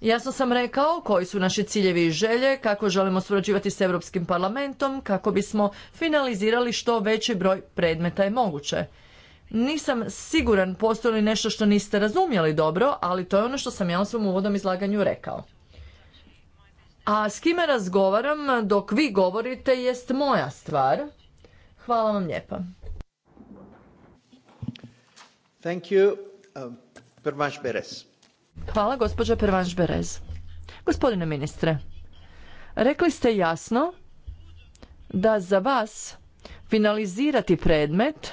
Jasno sam rekao koji su naši ciljevi i želje, kako želimo surađivati s Europskim parlamentom, kako bismo finalizirali što veći broj predmeta je moguće. Nisam siguran postoji li nešto što niste razumjeli dobro, ali to je ono što sam ja u svom uvodnom izlaganju rekao. A s kime razgovaram dok vi govorite jest moja stvar. Hvala vam lijepa. Thank you. Um, Hvala gospođa Pervanš Berez. Gospodine ministre, rekli ste jasno da za vas finalizirati predmet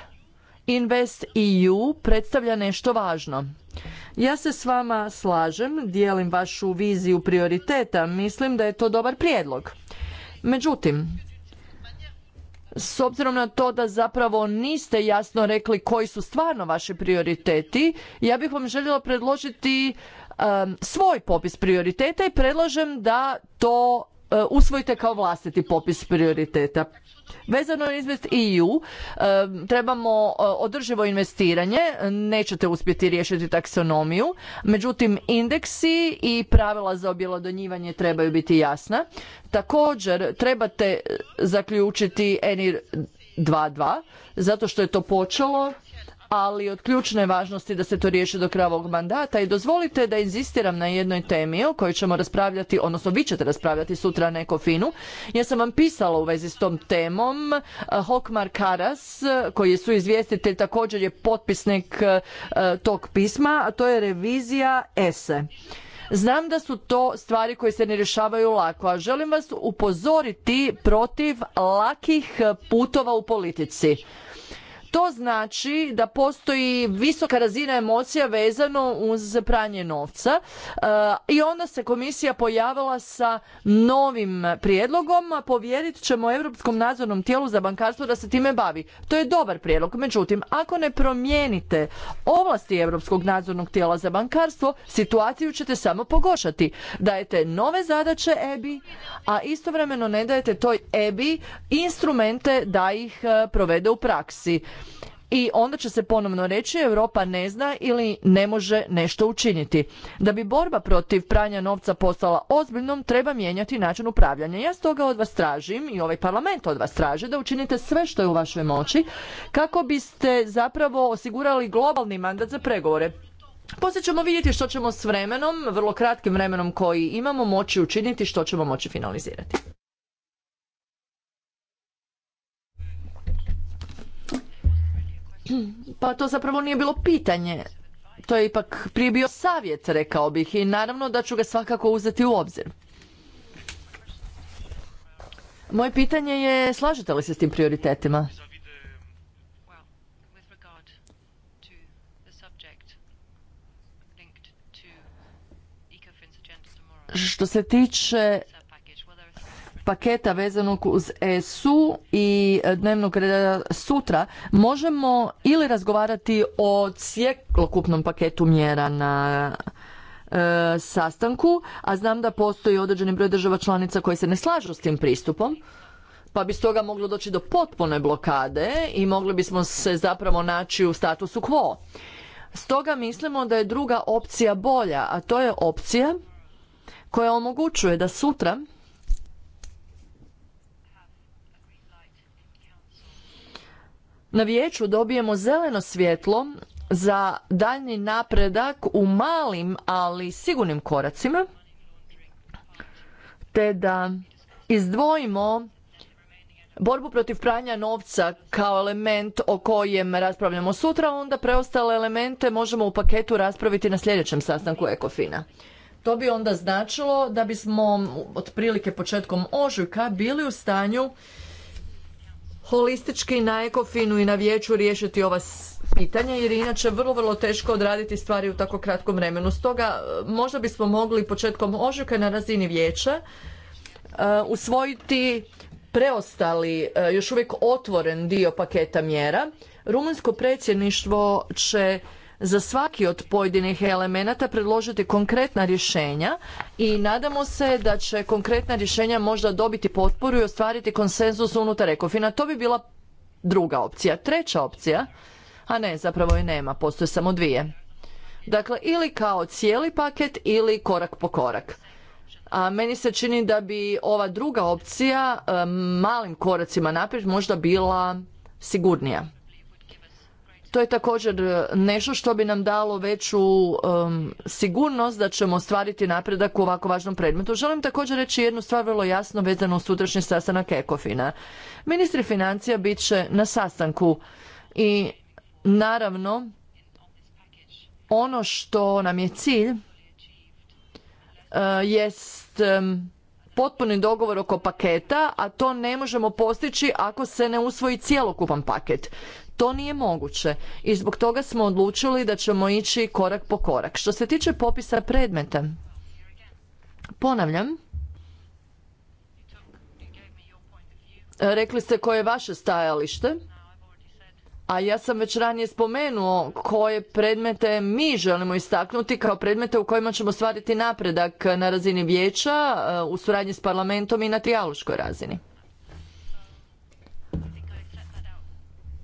Invest EU predstavlja nešto važno. Ja se s vama slažem, dijelim vašu viziju prioriteta, mislim da je to dobar prijedlog. Međutim, s obzirom na to da zapravo niste jasno rekli koji su stvarno vaši prioriteti, ja bih vam željela predložiti um, svoj popis prioriteta i predlažem da to uh, usvojite kao vlastiti popis prioriteta. Vezano je izvest EU, e, trebamo e, održivo investiranje, nećete uspjeti riješiti taksonomiju, međutim indeksi i pravila za objelodonjivanje trebaju biti jasna. Također trebate zaključiti ENIR 2.2, zato što je to počelo ali od ključne važnosti da se to riješi do kraja ovog mandata i dozvolite da inzistiram na jednoj temi o kojoj ćemo raspravljati, odnosno vi ćete raspravljati sutra na finu. Ja sam vam pisala u vezi s tom temom. Eh, Hokmar Karas, koji je izvjestitelj također je potpisnik eh, tog pisma, a to je revizija ESE. Znam da su to stvari koje se ne rješavaju lako, a želim vas upozoriti protiv lakih putova u politici. To znači da postoji visoka razina emocija vezano uz pranje novca e, i onda se komisija pojavila sa novim prijedlogom, a povjerit ćemo Europskom nadzornom tijelu za bankarstvo da se time bavi. To je dobar prijedlog. Međutim, ako ne promijenite ovlasti Europskog nadzornog tijela za bankarstvo, situaciju ćete samo pogoršati. Dajete nove zadaće EBI, a istovremeno ne dajete toj EBI instrumente da ih e, provede u praksi i onda će se ponovno reći Europa ne zna ili ne može nešto učiniti. Da bi borba protiv pranja novca postala ozbiljnom, treba mijenjati način upravljanja. Ja stoga od vas tražim i ovaj parlament od vas traži da učinite sve što je u vašoj moći kako biste zapravo osigurali globalni mandat za pregovore. Poslije ćemo vidjeti što ćemo s vremenom, vrlo kratkim vremenom koji imamo, moći učiniti, što ćemo moći finalizirati. Pa to zapravo nije bilo pitanje. To je ipak prije bio savjet, rekao bih, i naravno da ću ga svakako uzeti u obzir. Moje pitanje je, slažete li se s tim prioritetima? Što se tiče paketa vezanog uz ESU i e, dnevnog reda sutra možemo ili razgovarati o cijelokupnom paketu mjera na e, sastanku, a znam da postoji određeni broj država članica koji se ne slažu s tim pristupom pa bi stoga moglo doći do potpune blokade i mogli bismo se zapravo naći u statusu quo. Stoga mislimo da je druga opcija bolja, a to je opcija koja omogućuje da sutra na vijeću dobijemo zeleno svjetlo za daljni napredak u malim, ali sigurnim koracima, te da izdvojimo borbu protiv pranja novca kao element o kojem raspravljamo sutra, onda preostale elemente možemo u paketu raspraviti na sljedećem sastanku Ekofina. To bi onda značilo da bismo otprilike početkom ožujka bili u stanju holistički na ekofinu i na vijeću riješiti ova pitanja jer je inače vrlo, vrlo teško odraditi stvari u tako kratkom vremenu. Stoga e, možda bismo mogli početkom ožujka na razini vijeća e, usvojiti preostali, e, još uvijek otvoren dio paketa mjera. Rumunjsko predsjedništvo će za svaki od pojedinih elemenata predložiti konkretna rješenja i nadamo se da će konkretna rješenja možda dobiti potporu i ostvariti konsenzus unutar Ekofina. To bi bila druga opcija. Treća opcija, a ne, zapravo i nema, postoje samo dvije. Dakle, ili kao cijeli paket ili korak po korak. A meni se čini da bi ova druga opcija eh, malim koracima naprijed možda bila sigurnija. To je također e, nešto što bi nam dalo veću sigurnost da ćemo ostvariti napredak u ovako važnom predmetu. Želim također reći jednu stvar vrlo jasno vezano u sutrašnji sastanak Ekofina. Ministri financija bit će na sastanku i naravno ono što nam je cilj e, jest potpuni dogovor oko paketa, a to ne možemo postići ako se ne usvoji cjelokupan paket. To nije moguće i zbog toga smo odlučili da ćemo ići korak po korak. Što se tiče popisa predmeta, ponavljam, rekli ste koje je vaše stajalište, a ja sam već ranije spomenuo koje predmete mi želimo istaknuti kao predmete u kojima ćemo stvariti napredak na razini vijeća, e, u suradnji s parlamentom i na trijaloškoj razini.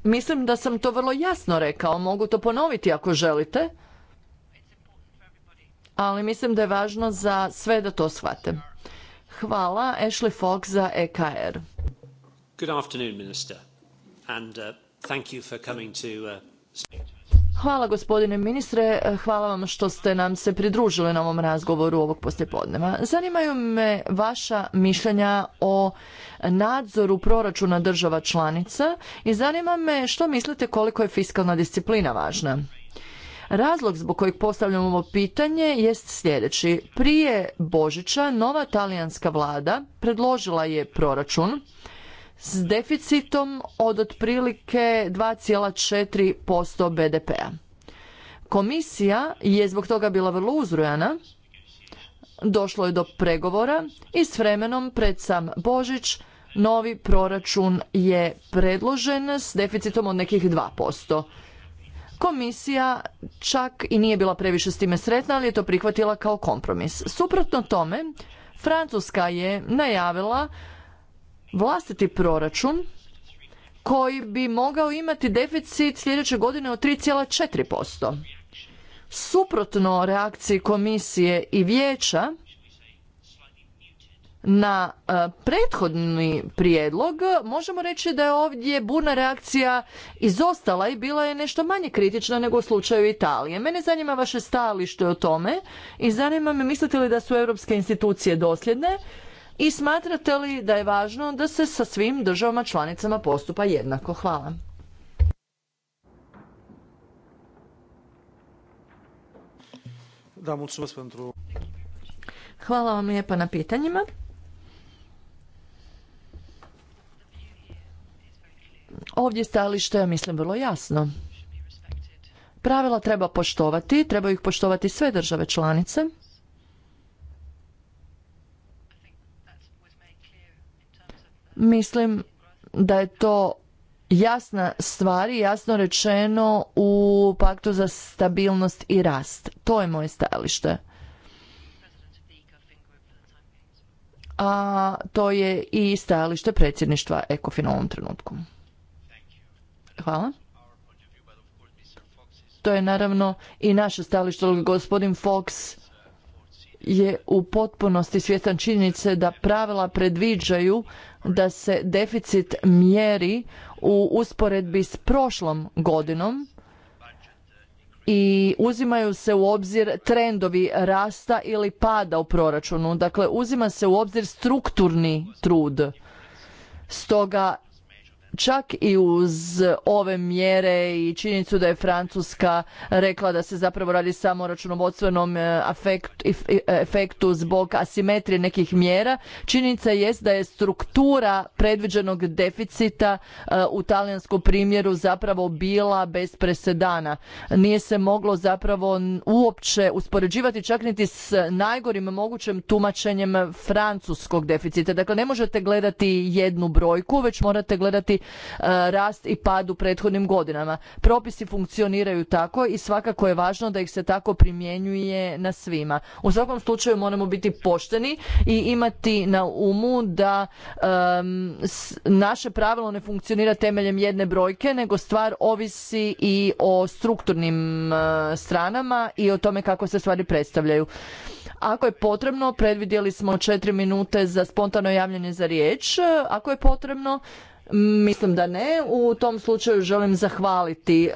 Mislim da sam to vrlo jasno rekao, mogu to ponoviti ako želite, ali mislim da je važno za sve da to shvate. Hvala, Ashley Fox za EKR. Good afternoon, minister. And uh, thank you for coming to uh... Hvala gospodine ministre, hvala vam što ste nam se pridružili na ovom razgovoru ovog poslijepodneva. Zanimaju me vaša mišljenja o nadzoru proračuna država članica i zanima me što mislite koliko je fiskalna disciplina važna. Razlog zbog kojeg postavljam ovo pitanje jest sljedeći. Prije Božića nova talijanska vlada predložila je proračun s deficitom od otprilike 2,4% BDP-a. Komisija je zbog toga bila vrlo uzrujana, došlo je do pregovora i s vremenom pred sam Božić novi proračun je predložen s deficitom od nekih 2%. Komisija čak i nije bila previše s time sretna, ali je to prihvatila kao kompromis. Suprotno tome, Francuska je najavila vlastiti proračun koji bi mogao imati deficit sljedeće godine od 3,4%. Suprotno reakciji komisije i vijeća na e, prethodni prijedlog možemo reći da je ovdje burna reakcija izostala i bila je nešto manje kritična nego u slučaju Italije. Mene zanima vaše stajalište o tome i zanima me mislite li da su europske institucije dosljedne i smatrate li da je važno da se sa svim državama članicama postupa jednako? Hvala. Hvala vam lijepa na pitanjima. Ovdje stajalište, ja mislim, vrlo jasno. Pravila treba poštovati, treba ih poštovati sve države članice. Mislim da je to jasna stvar i jasno rečeno u paktu za stabilnost i rast. To je moje stajalište. A to je i stajalište predsjedništva ECOFIN u ovom trenutku. Hvala. To je naravno i naše stajalište, gospodin Fox je u potpunosti svjestan činjenice da pravila predviđaju da se deficit mjeri u usporedbi s prošlom godinom i uzimaju se u obzir trendovi rasta ili pada u proračunu. Dakle, uzima se u obzir strukturni trud. Stoga čak i uz ove mjere i činjenicu da je Francuska rekla da se zapravo radi samo o računovodstvenom e, e, efektu zbog asimetrije nekih mjera, činjenica jest da je struktura predviđenog deficita e, u talijanskom primjeru zapravo bila bez presedana. Nije se moglo zapravo uopće uspoređivati čak niti s najgorim mogućem tumačenjem francuskog deficita. Dakle, ne možete gledati jednu brojku, već morate gledati E, rast i pad u prethodnim godinama. Propisi funkcioniraju tako i svakako je važno da ih se tako primjenjuje na svima. U svakom slučaju moramo biti pošteni i imati na umu da naše pravilo ne funkcionira temeljem jedne brojke, nego stvar ovisi i o strukturnim e, stranama i o tome kako se stvari predstavljaju. Ako je potrebno, predvidjeli smo četiri minute za spontano javljanje za riječ. Ako je potrebno, Mislim da ne. U tom slučaju želim zahvaliti e,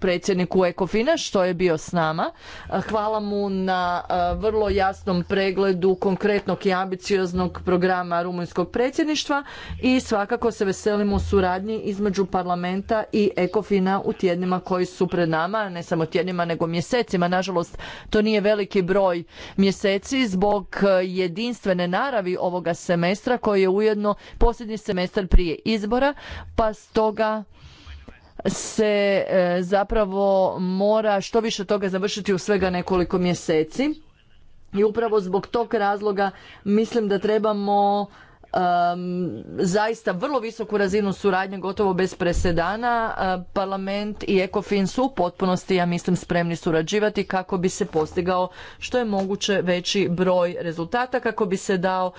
predsjedniku Ekofina što je bio s nama. E, hvala mu na e, vrlo jasnom pregledu konkretnog i ambicioznog programa rumunjskog predsjedništva i svakako se veselimo suradnji između parlamenta i Ekofina u tjednima koji su pred nama, ne samo tjednima nego mjesecima. Nažalost, to nije veliki broj mjeseci zbog jedinstvene naravi ovoga semestra koji je ujedno posljednji semestar prije izbora, pa stoga se e, zapravo mora što više toga završiti u svega nekoliko mjeseci. I upravo zbog tog razloga mislim da trebamo zaista vrlo visoku razinu suradnje gotovo bez presedana e, parlament i ECOFIN su u potpunosti ja mislim spremni surađivati kako bi se postigao što je moguće veći broj rezultata kako bi se dao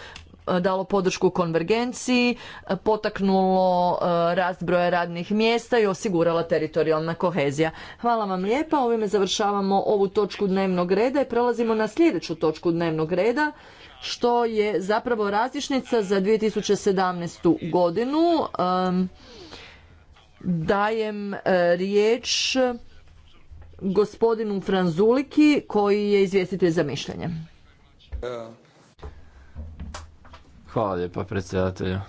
E, dalo podršku konvergenciji, e, potaknulo e, rast broja radnih mjesta i osigurala teritorijalna kohezija. Hvala vam lijepa, ovime završavamo ovu točku dnevnog reda i prelazimo na sljedeću točku dnevnog reda što je zapravo različnica za 2017. godinu. Dajem riječ gospodinu Franzuliki koji je izvjestitelj za mišljenje. Hvala lijepa predsjedatelju.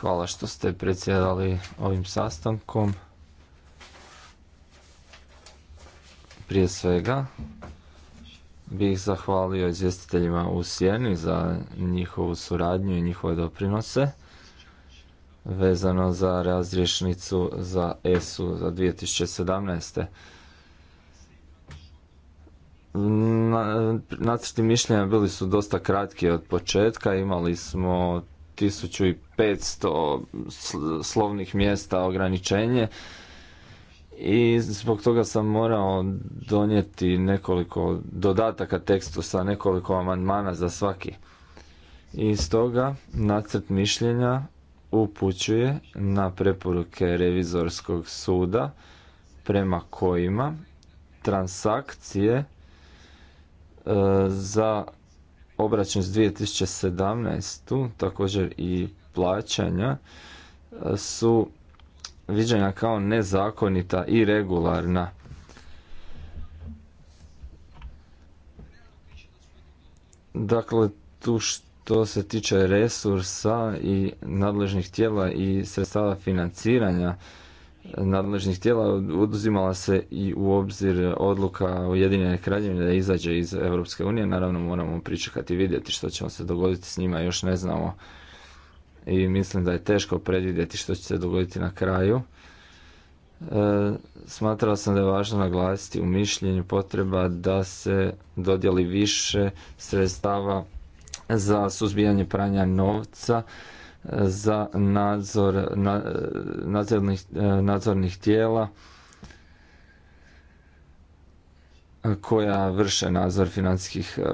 Hvala što ste predsjedali ovim sastankom. Prije svega bih zahvalio izvjestiteljima u Sjeni za njihovu suradnju i njihove doprinose vezano za razriješnicu za ESU za 2017. Nacrti mišljenja bili su dosta kratki od početka, imali smo 1500 slovnih mjesta ograničenje i zbog toga sam morao donijeti nekoliko dodataka tekstu sa nekoliko amandmana za svaki. I stoga nacrt mišljenja upućuje na preporuke revizorskog suda prema kojima transakcije E, za obračun s 2017. također i plaćanja e, su viđena kao nezakonita i regularna. Dakle, tu što se tiče resursa i nadležnih tijela i sredstava financiranja nadležnih tijela oduzimala se i u obzir odluka Ujedinjene kraljevine da izađe iz Europske unije. Naravno moramo pričekati i vidjeti što ćemo se dogoditi s njima, još ne znamo i mislim da je teško predvidjeti što će se dogoditi na kraju. E, smatrao sam da je važno naglasiti u mišljenju potreba da se dodjeli više sredstava za suzbijanje pranja novca za nadzor nadzornih, e, nadzornih tijela koja vrše nadzor financijskih e,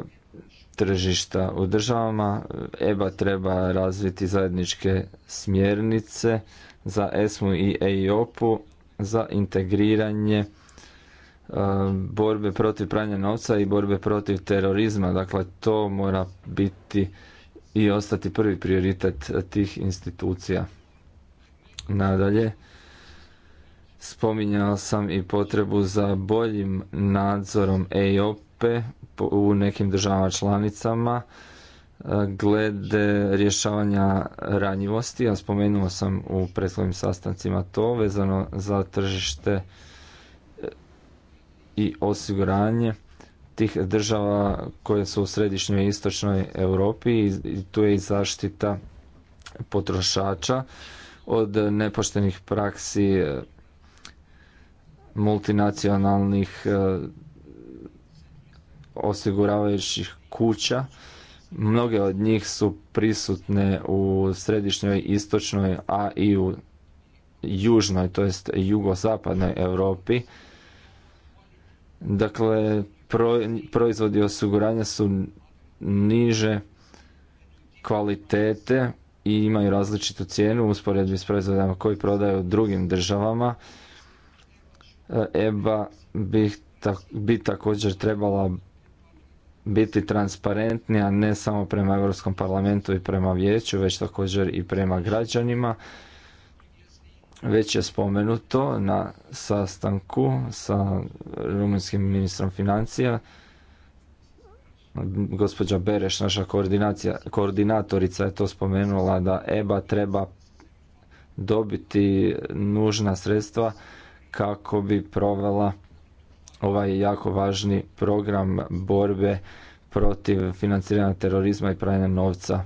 tržišta u državama. EBA treba razviti zajedničke smjernice za ESMU i eiop za integriranje e, borbe protiv pranja novca i borbe protiv terorizma. Dakle, to mora biti i ostati prvi prioritet tih institucija. Nadalje, spominjao sam i potrebu za boljim nadzorom EOP u nekim državama članicama e, glede rješavanja ranjivosti, a spomenuo sam u prethodnim sastancima to vezano za tržište e, i osiguranje tih država koje su u središnjoj i istočnoj Europi i tu je i zaštita potrošača od nepoštenih praksi e, multinacionalnih e, osiguravajućih kuća. Mnoge od njih su prisutne u središnjoj, istočnoj, a i u južnoj, to jest jugozapadnoj Europi. Dakle, proizvodi osiguranja su niže kvalitete i imaju različitu cijenu u usporedbi s proizvodima koji prodaju drugim državama. E, EBA bi, bi također trebala biti transparentnija ne samo prema Europskom parlamentu i prema vijeću, već također i prema građanima već je spomenuto na sastanku sa rumunjskim ministrom financija. Gospođa Bereš, naša koordinatorica je to spomenula da EBA treba dobiti nužna sredstva kako bi provela ovaj jako važni program borbe protiv financiranja terorizma i pranja novca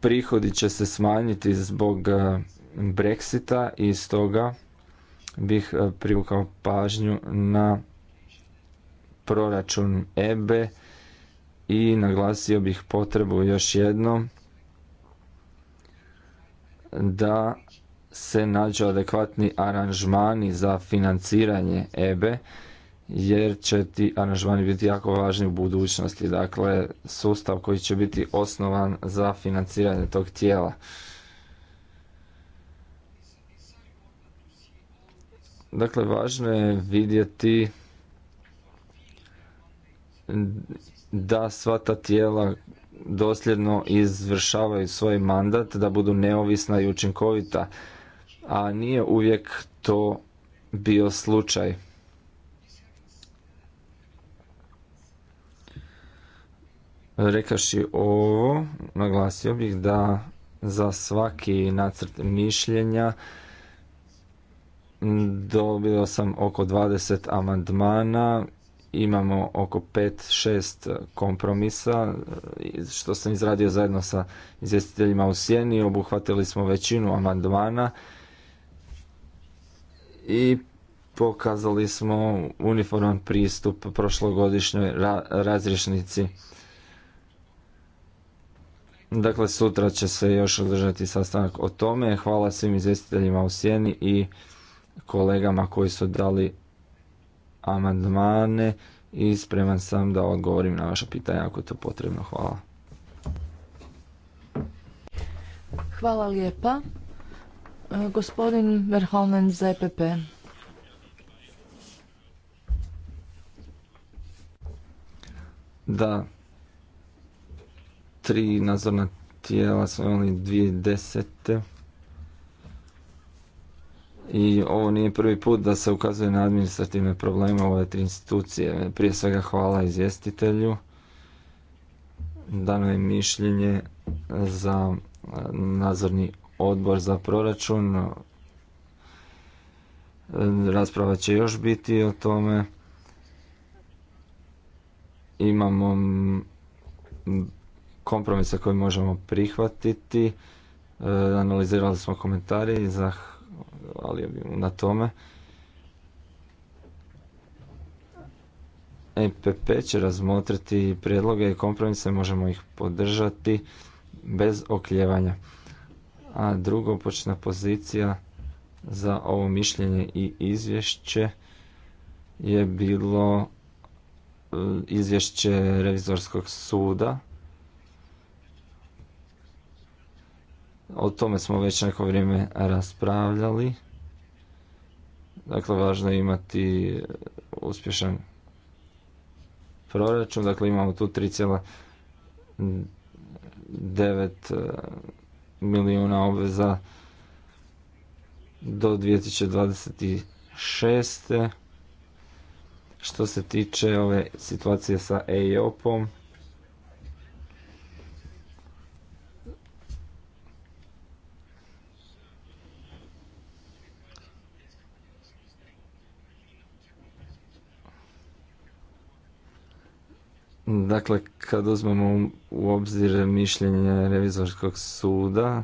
prihodi će se smanjiti zbog e, Brexita i stoga bih e, privukao pažnju na proračun EBE i naglasio bih potrebu još jednom da se nađu adekvatni aranžmani za financiranje EBE jer će ti aranžmani biti jako važni u budućnosti. Dakle, sustav koji će biti osnovan za financiranje tog tijela. Dakle, važno je vidjeti da sva ta tijela dosljedno izvršavaju svoj mandat, da budu neovisna i učinkovita, a nije uvijek to bio slučaj. Rekaši ovo, naglasio bih da za svaki nacrt mišljenja dobio sam oko 20 amandmana, imamo oko 5-6 kompromisa što sam izradio zajedno sa izvjestiteljima u Sjeni, obuhvatili smo većinu amandmana i pokazali smo uniforman pristup prošlogodišnjoj ra razrješnici Dakle, sutra će se još održati sastanak o tome. Hvala svim izvjestiteljima u Sjeni i kolegama koji su dali amandmane i spreman sam da odgovorim na vaša pitanja ako je to potrebno. Hvala. Hvala lijepa. E, gospodin Verholmen za EPP. Da, tri nazorna tijela smo imali desete I ovo nije prvi put da se ukazuje na administrativne probleme ove tri institucije. Prije svega hvala izvjestitelju. Dano je mišljenje za nadzorni odbor za proračun. Rasprava će još biti o tome. Imamo kompromisa koji možemo prihvatiti. E, analizirali smo komentari, ali na tome. MPP e će razmotriti prijedloge i kompromise, možemo ih podržati bez okljevanja. A drugo počna pozicija za ovo mišljenje i izvješće je bilo e, izvješće revizorskog suda O tome smo već neko vrijeme raspravljali. Dakle, važno je imati uspješan proračun. Dakle, imamo tu 3,9 e, milijuna obveza do 2026. Što se tiče ove situacije sa EIOP-om, Dakle, kad uzmemo u obzir mišljenje revizorskog suda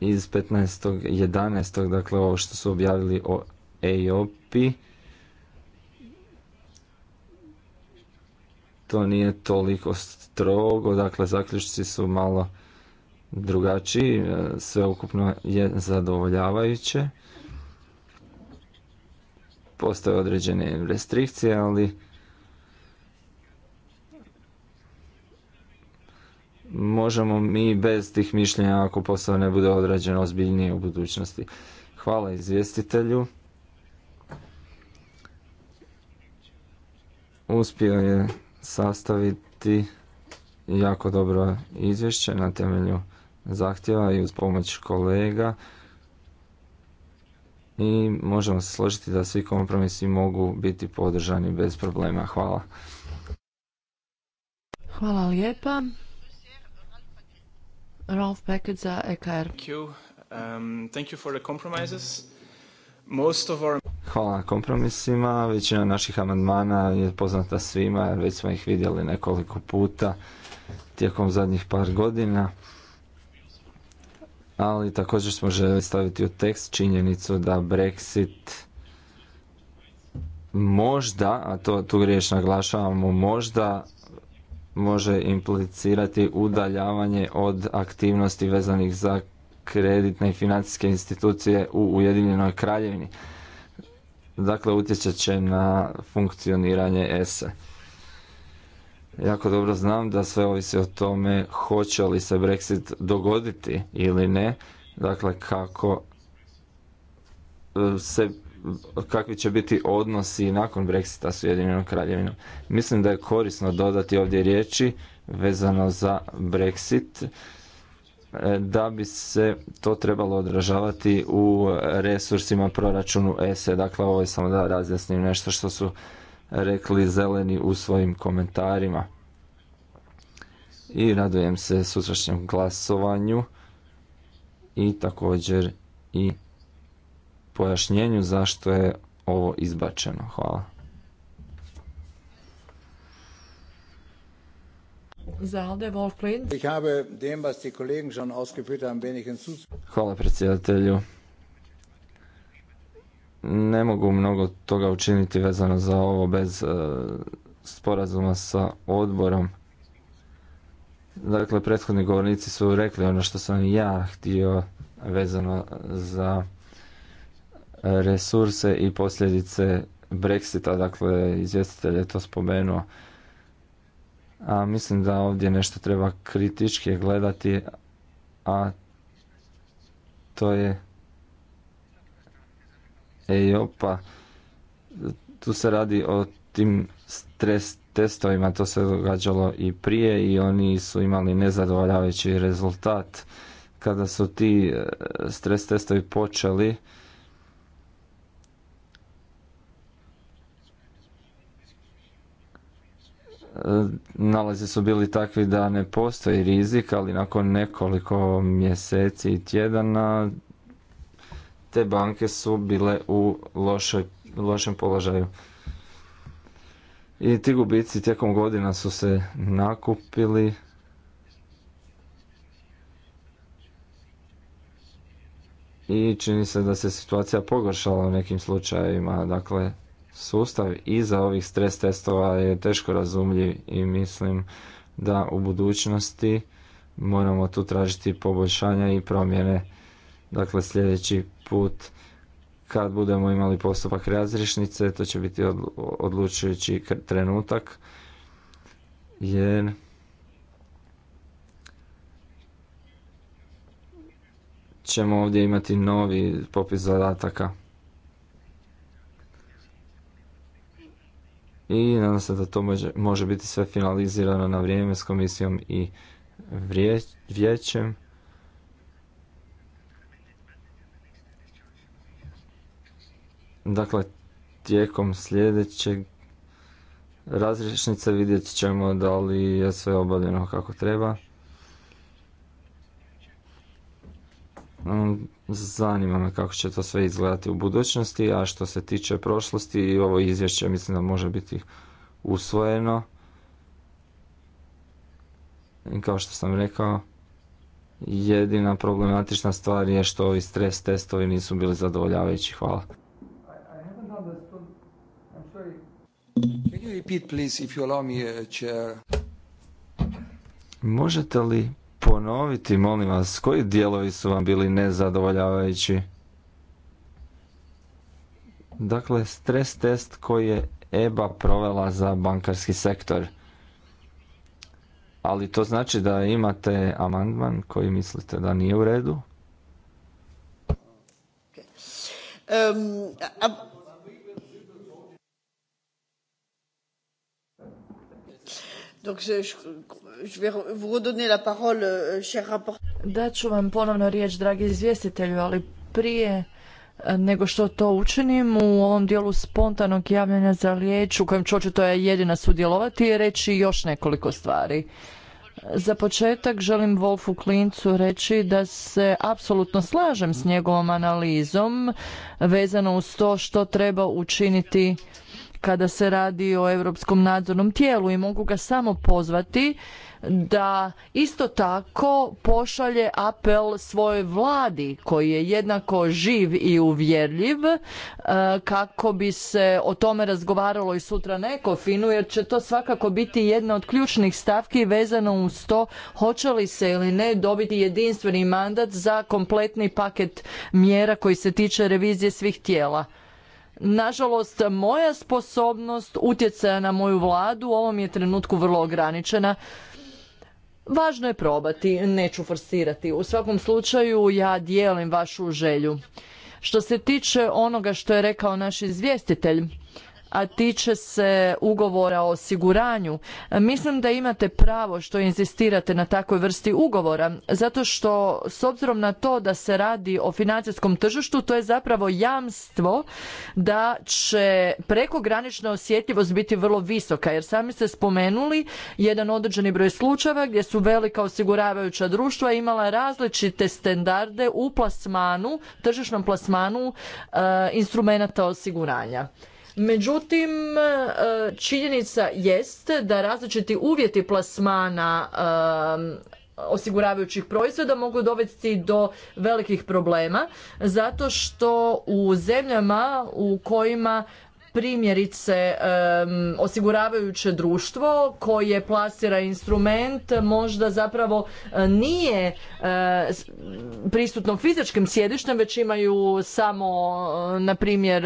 iz 15.11. dakle ovo što su objavili o EIOPI, to nije toliko strogo, dakle zaključci su malo drugačiji, e, ukupno je zadovoljavajuće. Postoje određene restrikcije, ali možemo mi bez tih mišljenja ako posao ne bude odrađen ozbiljnije u budućnosti. Hvala izvjestitelju. Uspio je sastaviti jako dobro izvješće na temelju zahtjeva i uz pomoć kolega i možemo se složiti da svi kompromisi mogu biti podržani bez problema. Hvala. Hvala lijepa. E Hvala na kompromisima. Većina naših amandmana je poznata svima, jer već smo ih vidjeli nekoliko puta tijekom zadnjih par godina. Ali također smo želi staviti u tekst činjenicu da Brexit možda, a to tu riječ naglašavamo, možda može implicirati udaljavanje od aktivnosti vezanih za kreditne i financijske institucije u Ujedinjenoj kraljevini. Dakle, utjecat će na funkcioniranje ESE. Jako dobro znam da sve ovisi o tome hoće li se Brexit dogoditi ili ne, dakle kako e, se kakvi će biti odnosi nakon Brexita s Ujedinjenom kraljevinom. Mislim da je korisno dodati ovdje riječi vezano za Brexit e, da bi se to trebalo odražavati u resursima proračunu ESE. E. Dakle, ovo je samo da razjasnim nešto što su rekli zeleni u svojim komentarima. I radujem se sutrašnjem glasovanju i također i pojašnjenju zašto je ovo izbačeno. Hvala. Hvala predsjedatelju. Ne mogu mnogo toga učiniti vezano za ovo bez e, sporazuma sa odborom. Dakle, prethodni govornici su rekli ono što sam ja htio vezano za resurse i posljedice Brexita, dakle izvjestitelj je to spomenuo. A mislim da ovdje nešto treba kritički gledati, a to je opa Tu se radi o tim stres testovima, to se događalo i prije i oni su imali nezadovoljavajući rezultat. Kada su ti eh, stres testovi počeli, nalazi su bili takvi da ne postoji rizik, ali nakon nekoliko mjeseci i tjedana te banke su bile u lošem položaju. I ti gubici tijekom godina su se nakupili. I čini se da se situacija pogoršala u nekim slučajevima, dakle sustav iza ovih stres testova je teško razumljiv i mislim da u budućnosti moramo tu tražiti poboljšanja i promjene. Dakle, sljedeći put kad budemo imali postupak razrišnice, to će biti odlučujući trenutak, jer ćemo ovdje imati novi popis zadataka. i nadam se da to može, može biti sve finalizirano na vrijeme s komisijom i vijećem. Dakle, tijekom sljedećeg razrješnice vidjet ćemo da li je sve obavljeno kako treba. Ehm, zanima me kako će to sve izgledati u budućnosti, a što se tiče prošlosti i ovo izvješće mislim da može biti usvojeno. I kao što sam rekao, jedina problematična stvar je što ovi stres testovi nisu bili zadovoljavajući. Hvala. Možete li ponoviti, molim vas, koji dijelovi su vam bili nezadovoljavajući? Dakle, stres test koji je EBA provela za bankarski sektor. Ali to znači da imate amandman koji mislite da nije u redu? Um, Euh, Dat ću vam ponovno riječ, dragi izvjestitelju, ali prije eh, nego što to učinim u ovom dijelu spontanog javljanja za riječ u kojem ću očito je jedina sudjelovati i reći još nekoliko stvari. Za početak želim Wolfu Klincu reći da se apsolutno slažem s njegovom analizom vezano uz to što treba učiniti kada se radi o europskom nadzornom tijelu i mogu ga samo pozvati da isto tako pošalje apel svojoj vladi koji je jednako živ i uvjerljiv e, kako bi se o tome razgovaralo i sutra neko Finu jer će to svakako biti jedna od ključnih stavki vezano uz to hoće li se ili ne dobiti jedinstveni mandat za kompletni paket mjera koji se tiče revizije svih tijela. Nažalost, moja sposobnost utjecaja na moju vladu u ovom je trenutku vrlo ograničena. Važno je probati, neću forsirati. U svakom slučaju ja dijelim vašu želju. Što se tiče onoga što je rekao naš izvjestitelj, a tiče se ugovora o osiguranju. Mislim da imate pravo što inzistirate na takvoj vrsti ugovora, zato što s obzirom na to da se radi o financijskom tržištu, to je zapravo jamstvo da će prekogranična osjetljivost biti vrlo visoka, jer sami ste spomenuli jedan određeni broj slučajeva gdje su velika osiguravajuća društva imala različite standarde u plasmanu, tržišnom plasmanu e, instrumenata osiguranja. Međutim, e, činjenica jest da različiti uvjeti plasmana e, osiguravajućih proizvoda mogu dovesti do velikih problema zato što u zemljama u kojima primjerice e, osiguravajuće društvo koje plasira instrument možda zapravo nije prisutno fizičkim sjedištem već imaju samo na primjer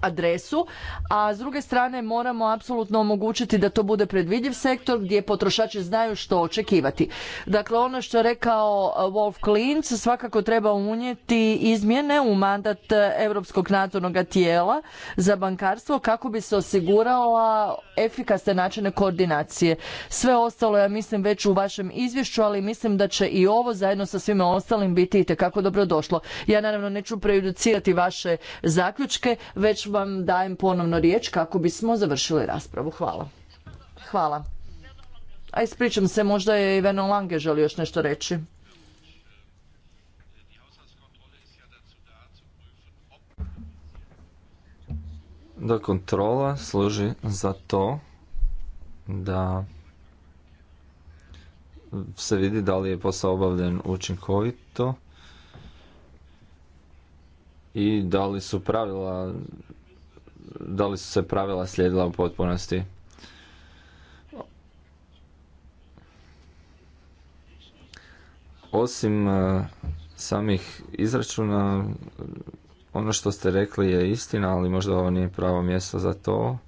adresu, a s druge strane moramo apsolutno omogućiti da to bude predvidljiv sektor gdje potrošači znaju što očekivati. Dakle, ono što je rekao Wolf Klintz svakako treba unijeti izmjene u mandat Europskog nadzornog tijela za bankarstvo kako bi se osigurala efikasne načine koordinacije. Sve ostalo ja mislim već u vašem izvješću, ali mislim da će i ovo zajedno sa svima ostalim biti itekako došlo. Ja naravno neću prejudicirati vaše zaključke, već već vam dajem ponovno riječ kako bismo završili raspravu. Hvala. Hvala. A ispričam se, možda je Iveno Lange želi još nešto reći. Da kontrola služi za to da se vidi da li je posao obavljen učinkovito i da li su pravila su se pravila slijedila u potpunosti. Osim e, samih izračuna, ono što ste rekli je istina, ali možda ovo nije pravo mjesto za to.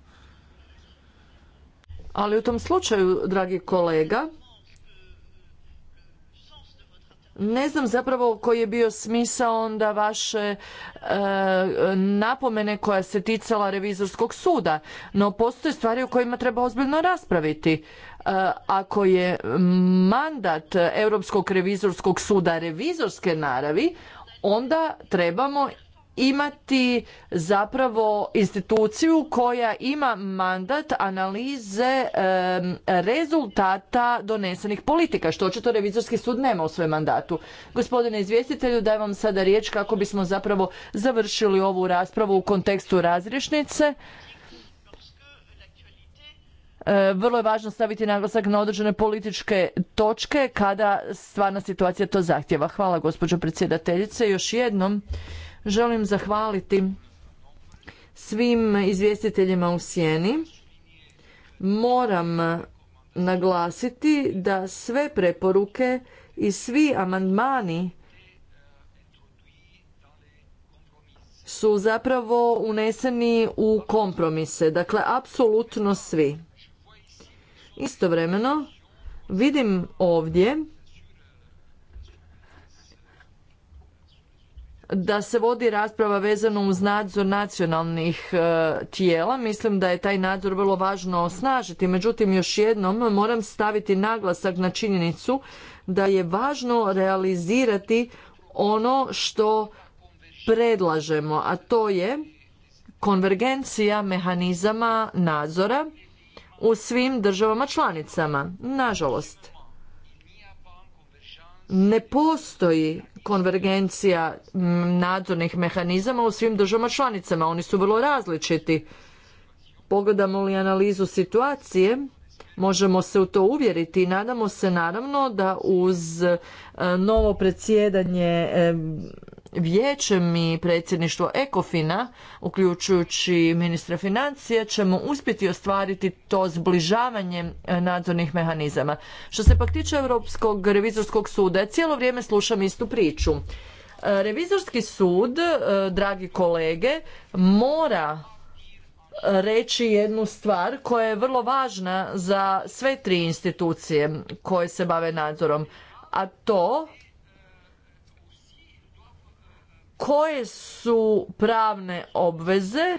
Ali u tom slučaju, dragi kolega, ne znam zapravo koji je bio smisao onda vaše e, napomene koja se ticala revizorskog suda, no postoje stvari u kojima treba ozbiljno raspraviti e, ako je mandat Europskog revizorskog suda revizorske naravi, onda trebamo imati zapravo instituciju koja ima mandat analize rezultata donesenih politika, što očito revizorski sud nema u svojem mandatu. Gospodine izvjestitelju, dajem vam sada riječ kako bismo zapravo završili ovu raspravu u kontekstu razrišnice. E, vrlo je važno staviti naglasak na određene političke točke kada stvarna situacija to zahtjeva. Hvala gospođo predsjedateljice. Još jednom želim zahvaliti svim izvjestiteljima u sjeni. Moram naglasiti da sve preporuke i svi amandmani su zapravo uneseni u kompromise, dakle apsolutno svi. Istovremeno vidim ovdje da se vodi rasprava vezano uz nadzor nacionalnih e, tijela. Mislim da je taj nadzor vrlo važno osnažiti. Međutim, još jednom moram staviti naglasak na činjenicu da je važno realizirati ono što predlažemo, a to je konvergencija mehanizama nadzora u svim državama članicama. Nažalost, ne postoji konvergencija nadzornih mehanizama u svim državama članicama. Oni su vrlo različiti. Pogledamo li analizu situacije, možemo se u to uvjeriti i nadamo se naravno da uz e, novo predsjedanje e, vijećem i predsjedništvo Ekofina, uključujući ministra financija, ćemo uspjeti ostvariti to zbližavanje e, nadzornih mehanizama. Što se pak tiče Europskog revizorskog suda, ja cijelo vrijeme slušam istu priču. E, revizorski sud, e, dragi kolege, mora reći jednu stvar koja je vrlo važna za sve tri institucije koje se bave nadzorom, a to koje su pravne obveze e,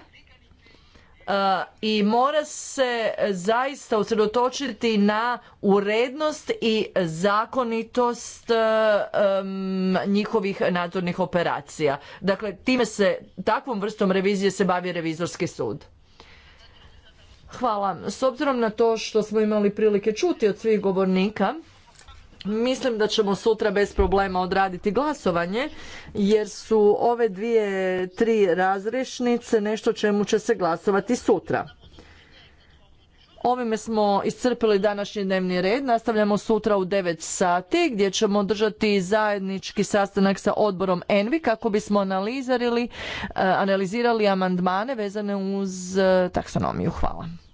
i mora se zaista usredotočiti na urednost i zakonitost e, njihovih nadzornih operacija. Dakle, time se, takvom vrstom revizije se bavi revizorski sud. Hvala. S obzirom na to što smo imali prilike čuti od svih govornika, Mislim da ćemo sutra bez problema odraditi glasovanje jer su ove dvije, tri razrešnice nešto čemu će se glasovati sutra. Ovime smo iscrpili današnji dnevni red. Nastavljamo sutra u 9 sati gdje ćemo držati zajednički sastanak sa odborom ENVI kako bismo analizirali, eh, analizirali amandmane vezane uz eh, taksonomiju. Hvala.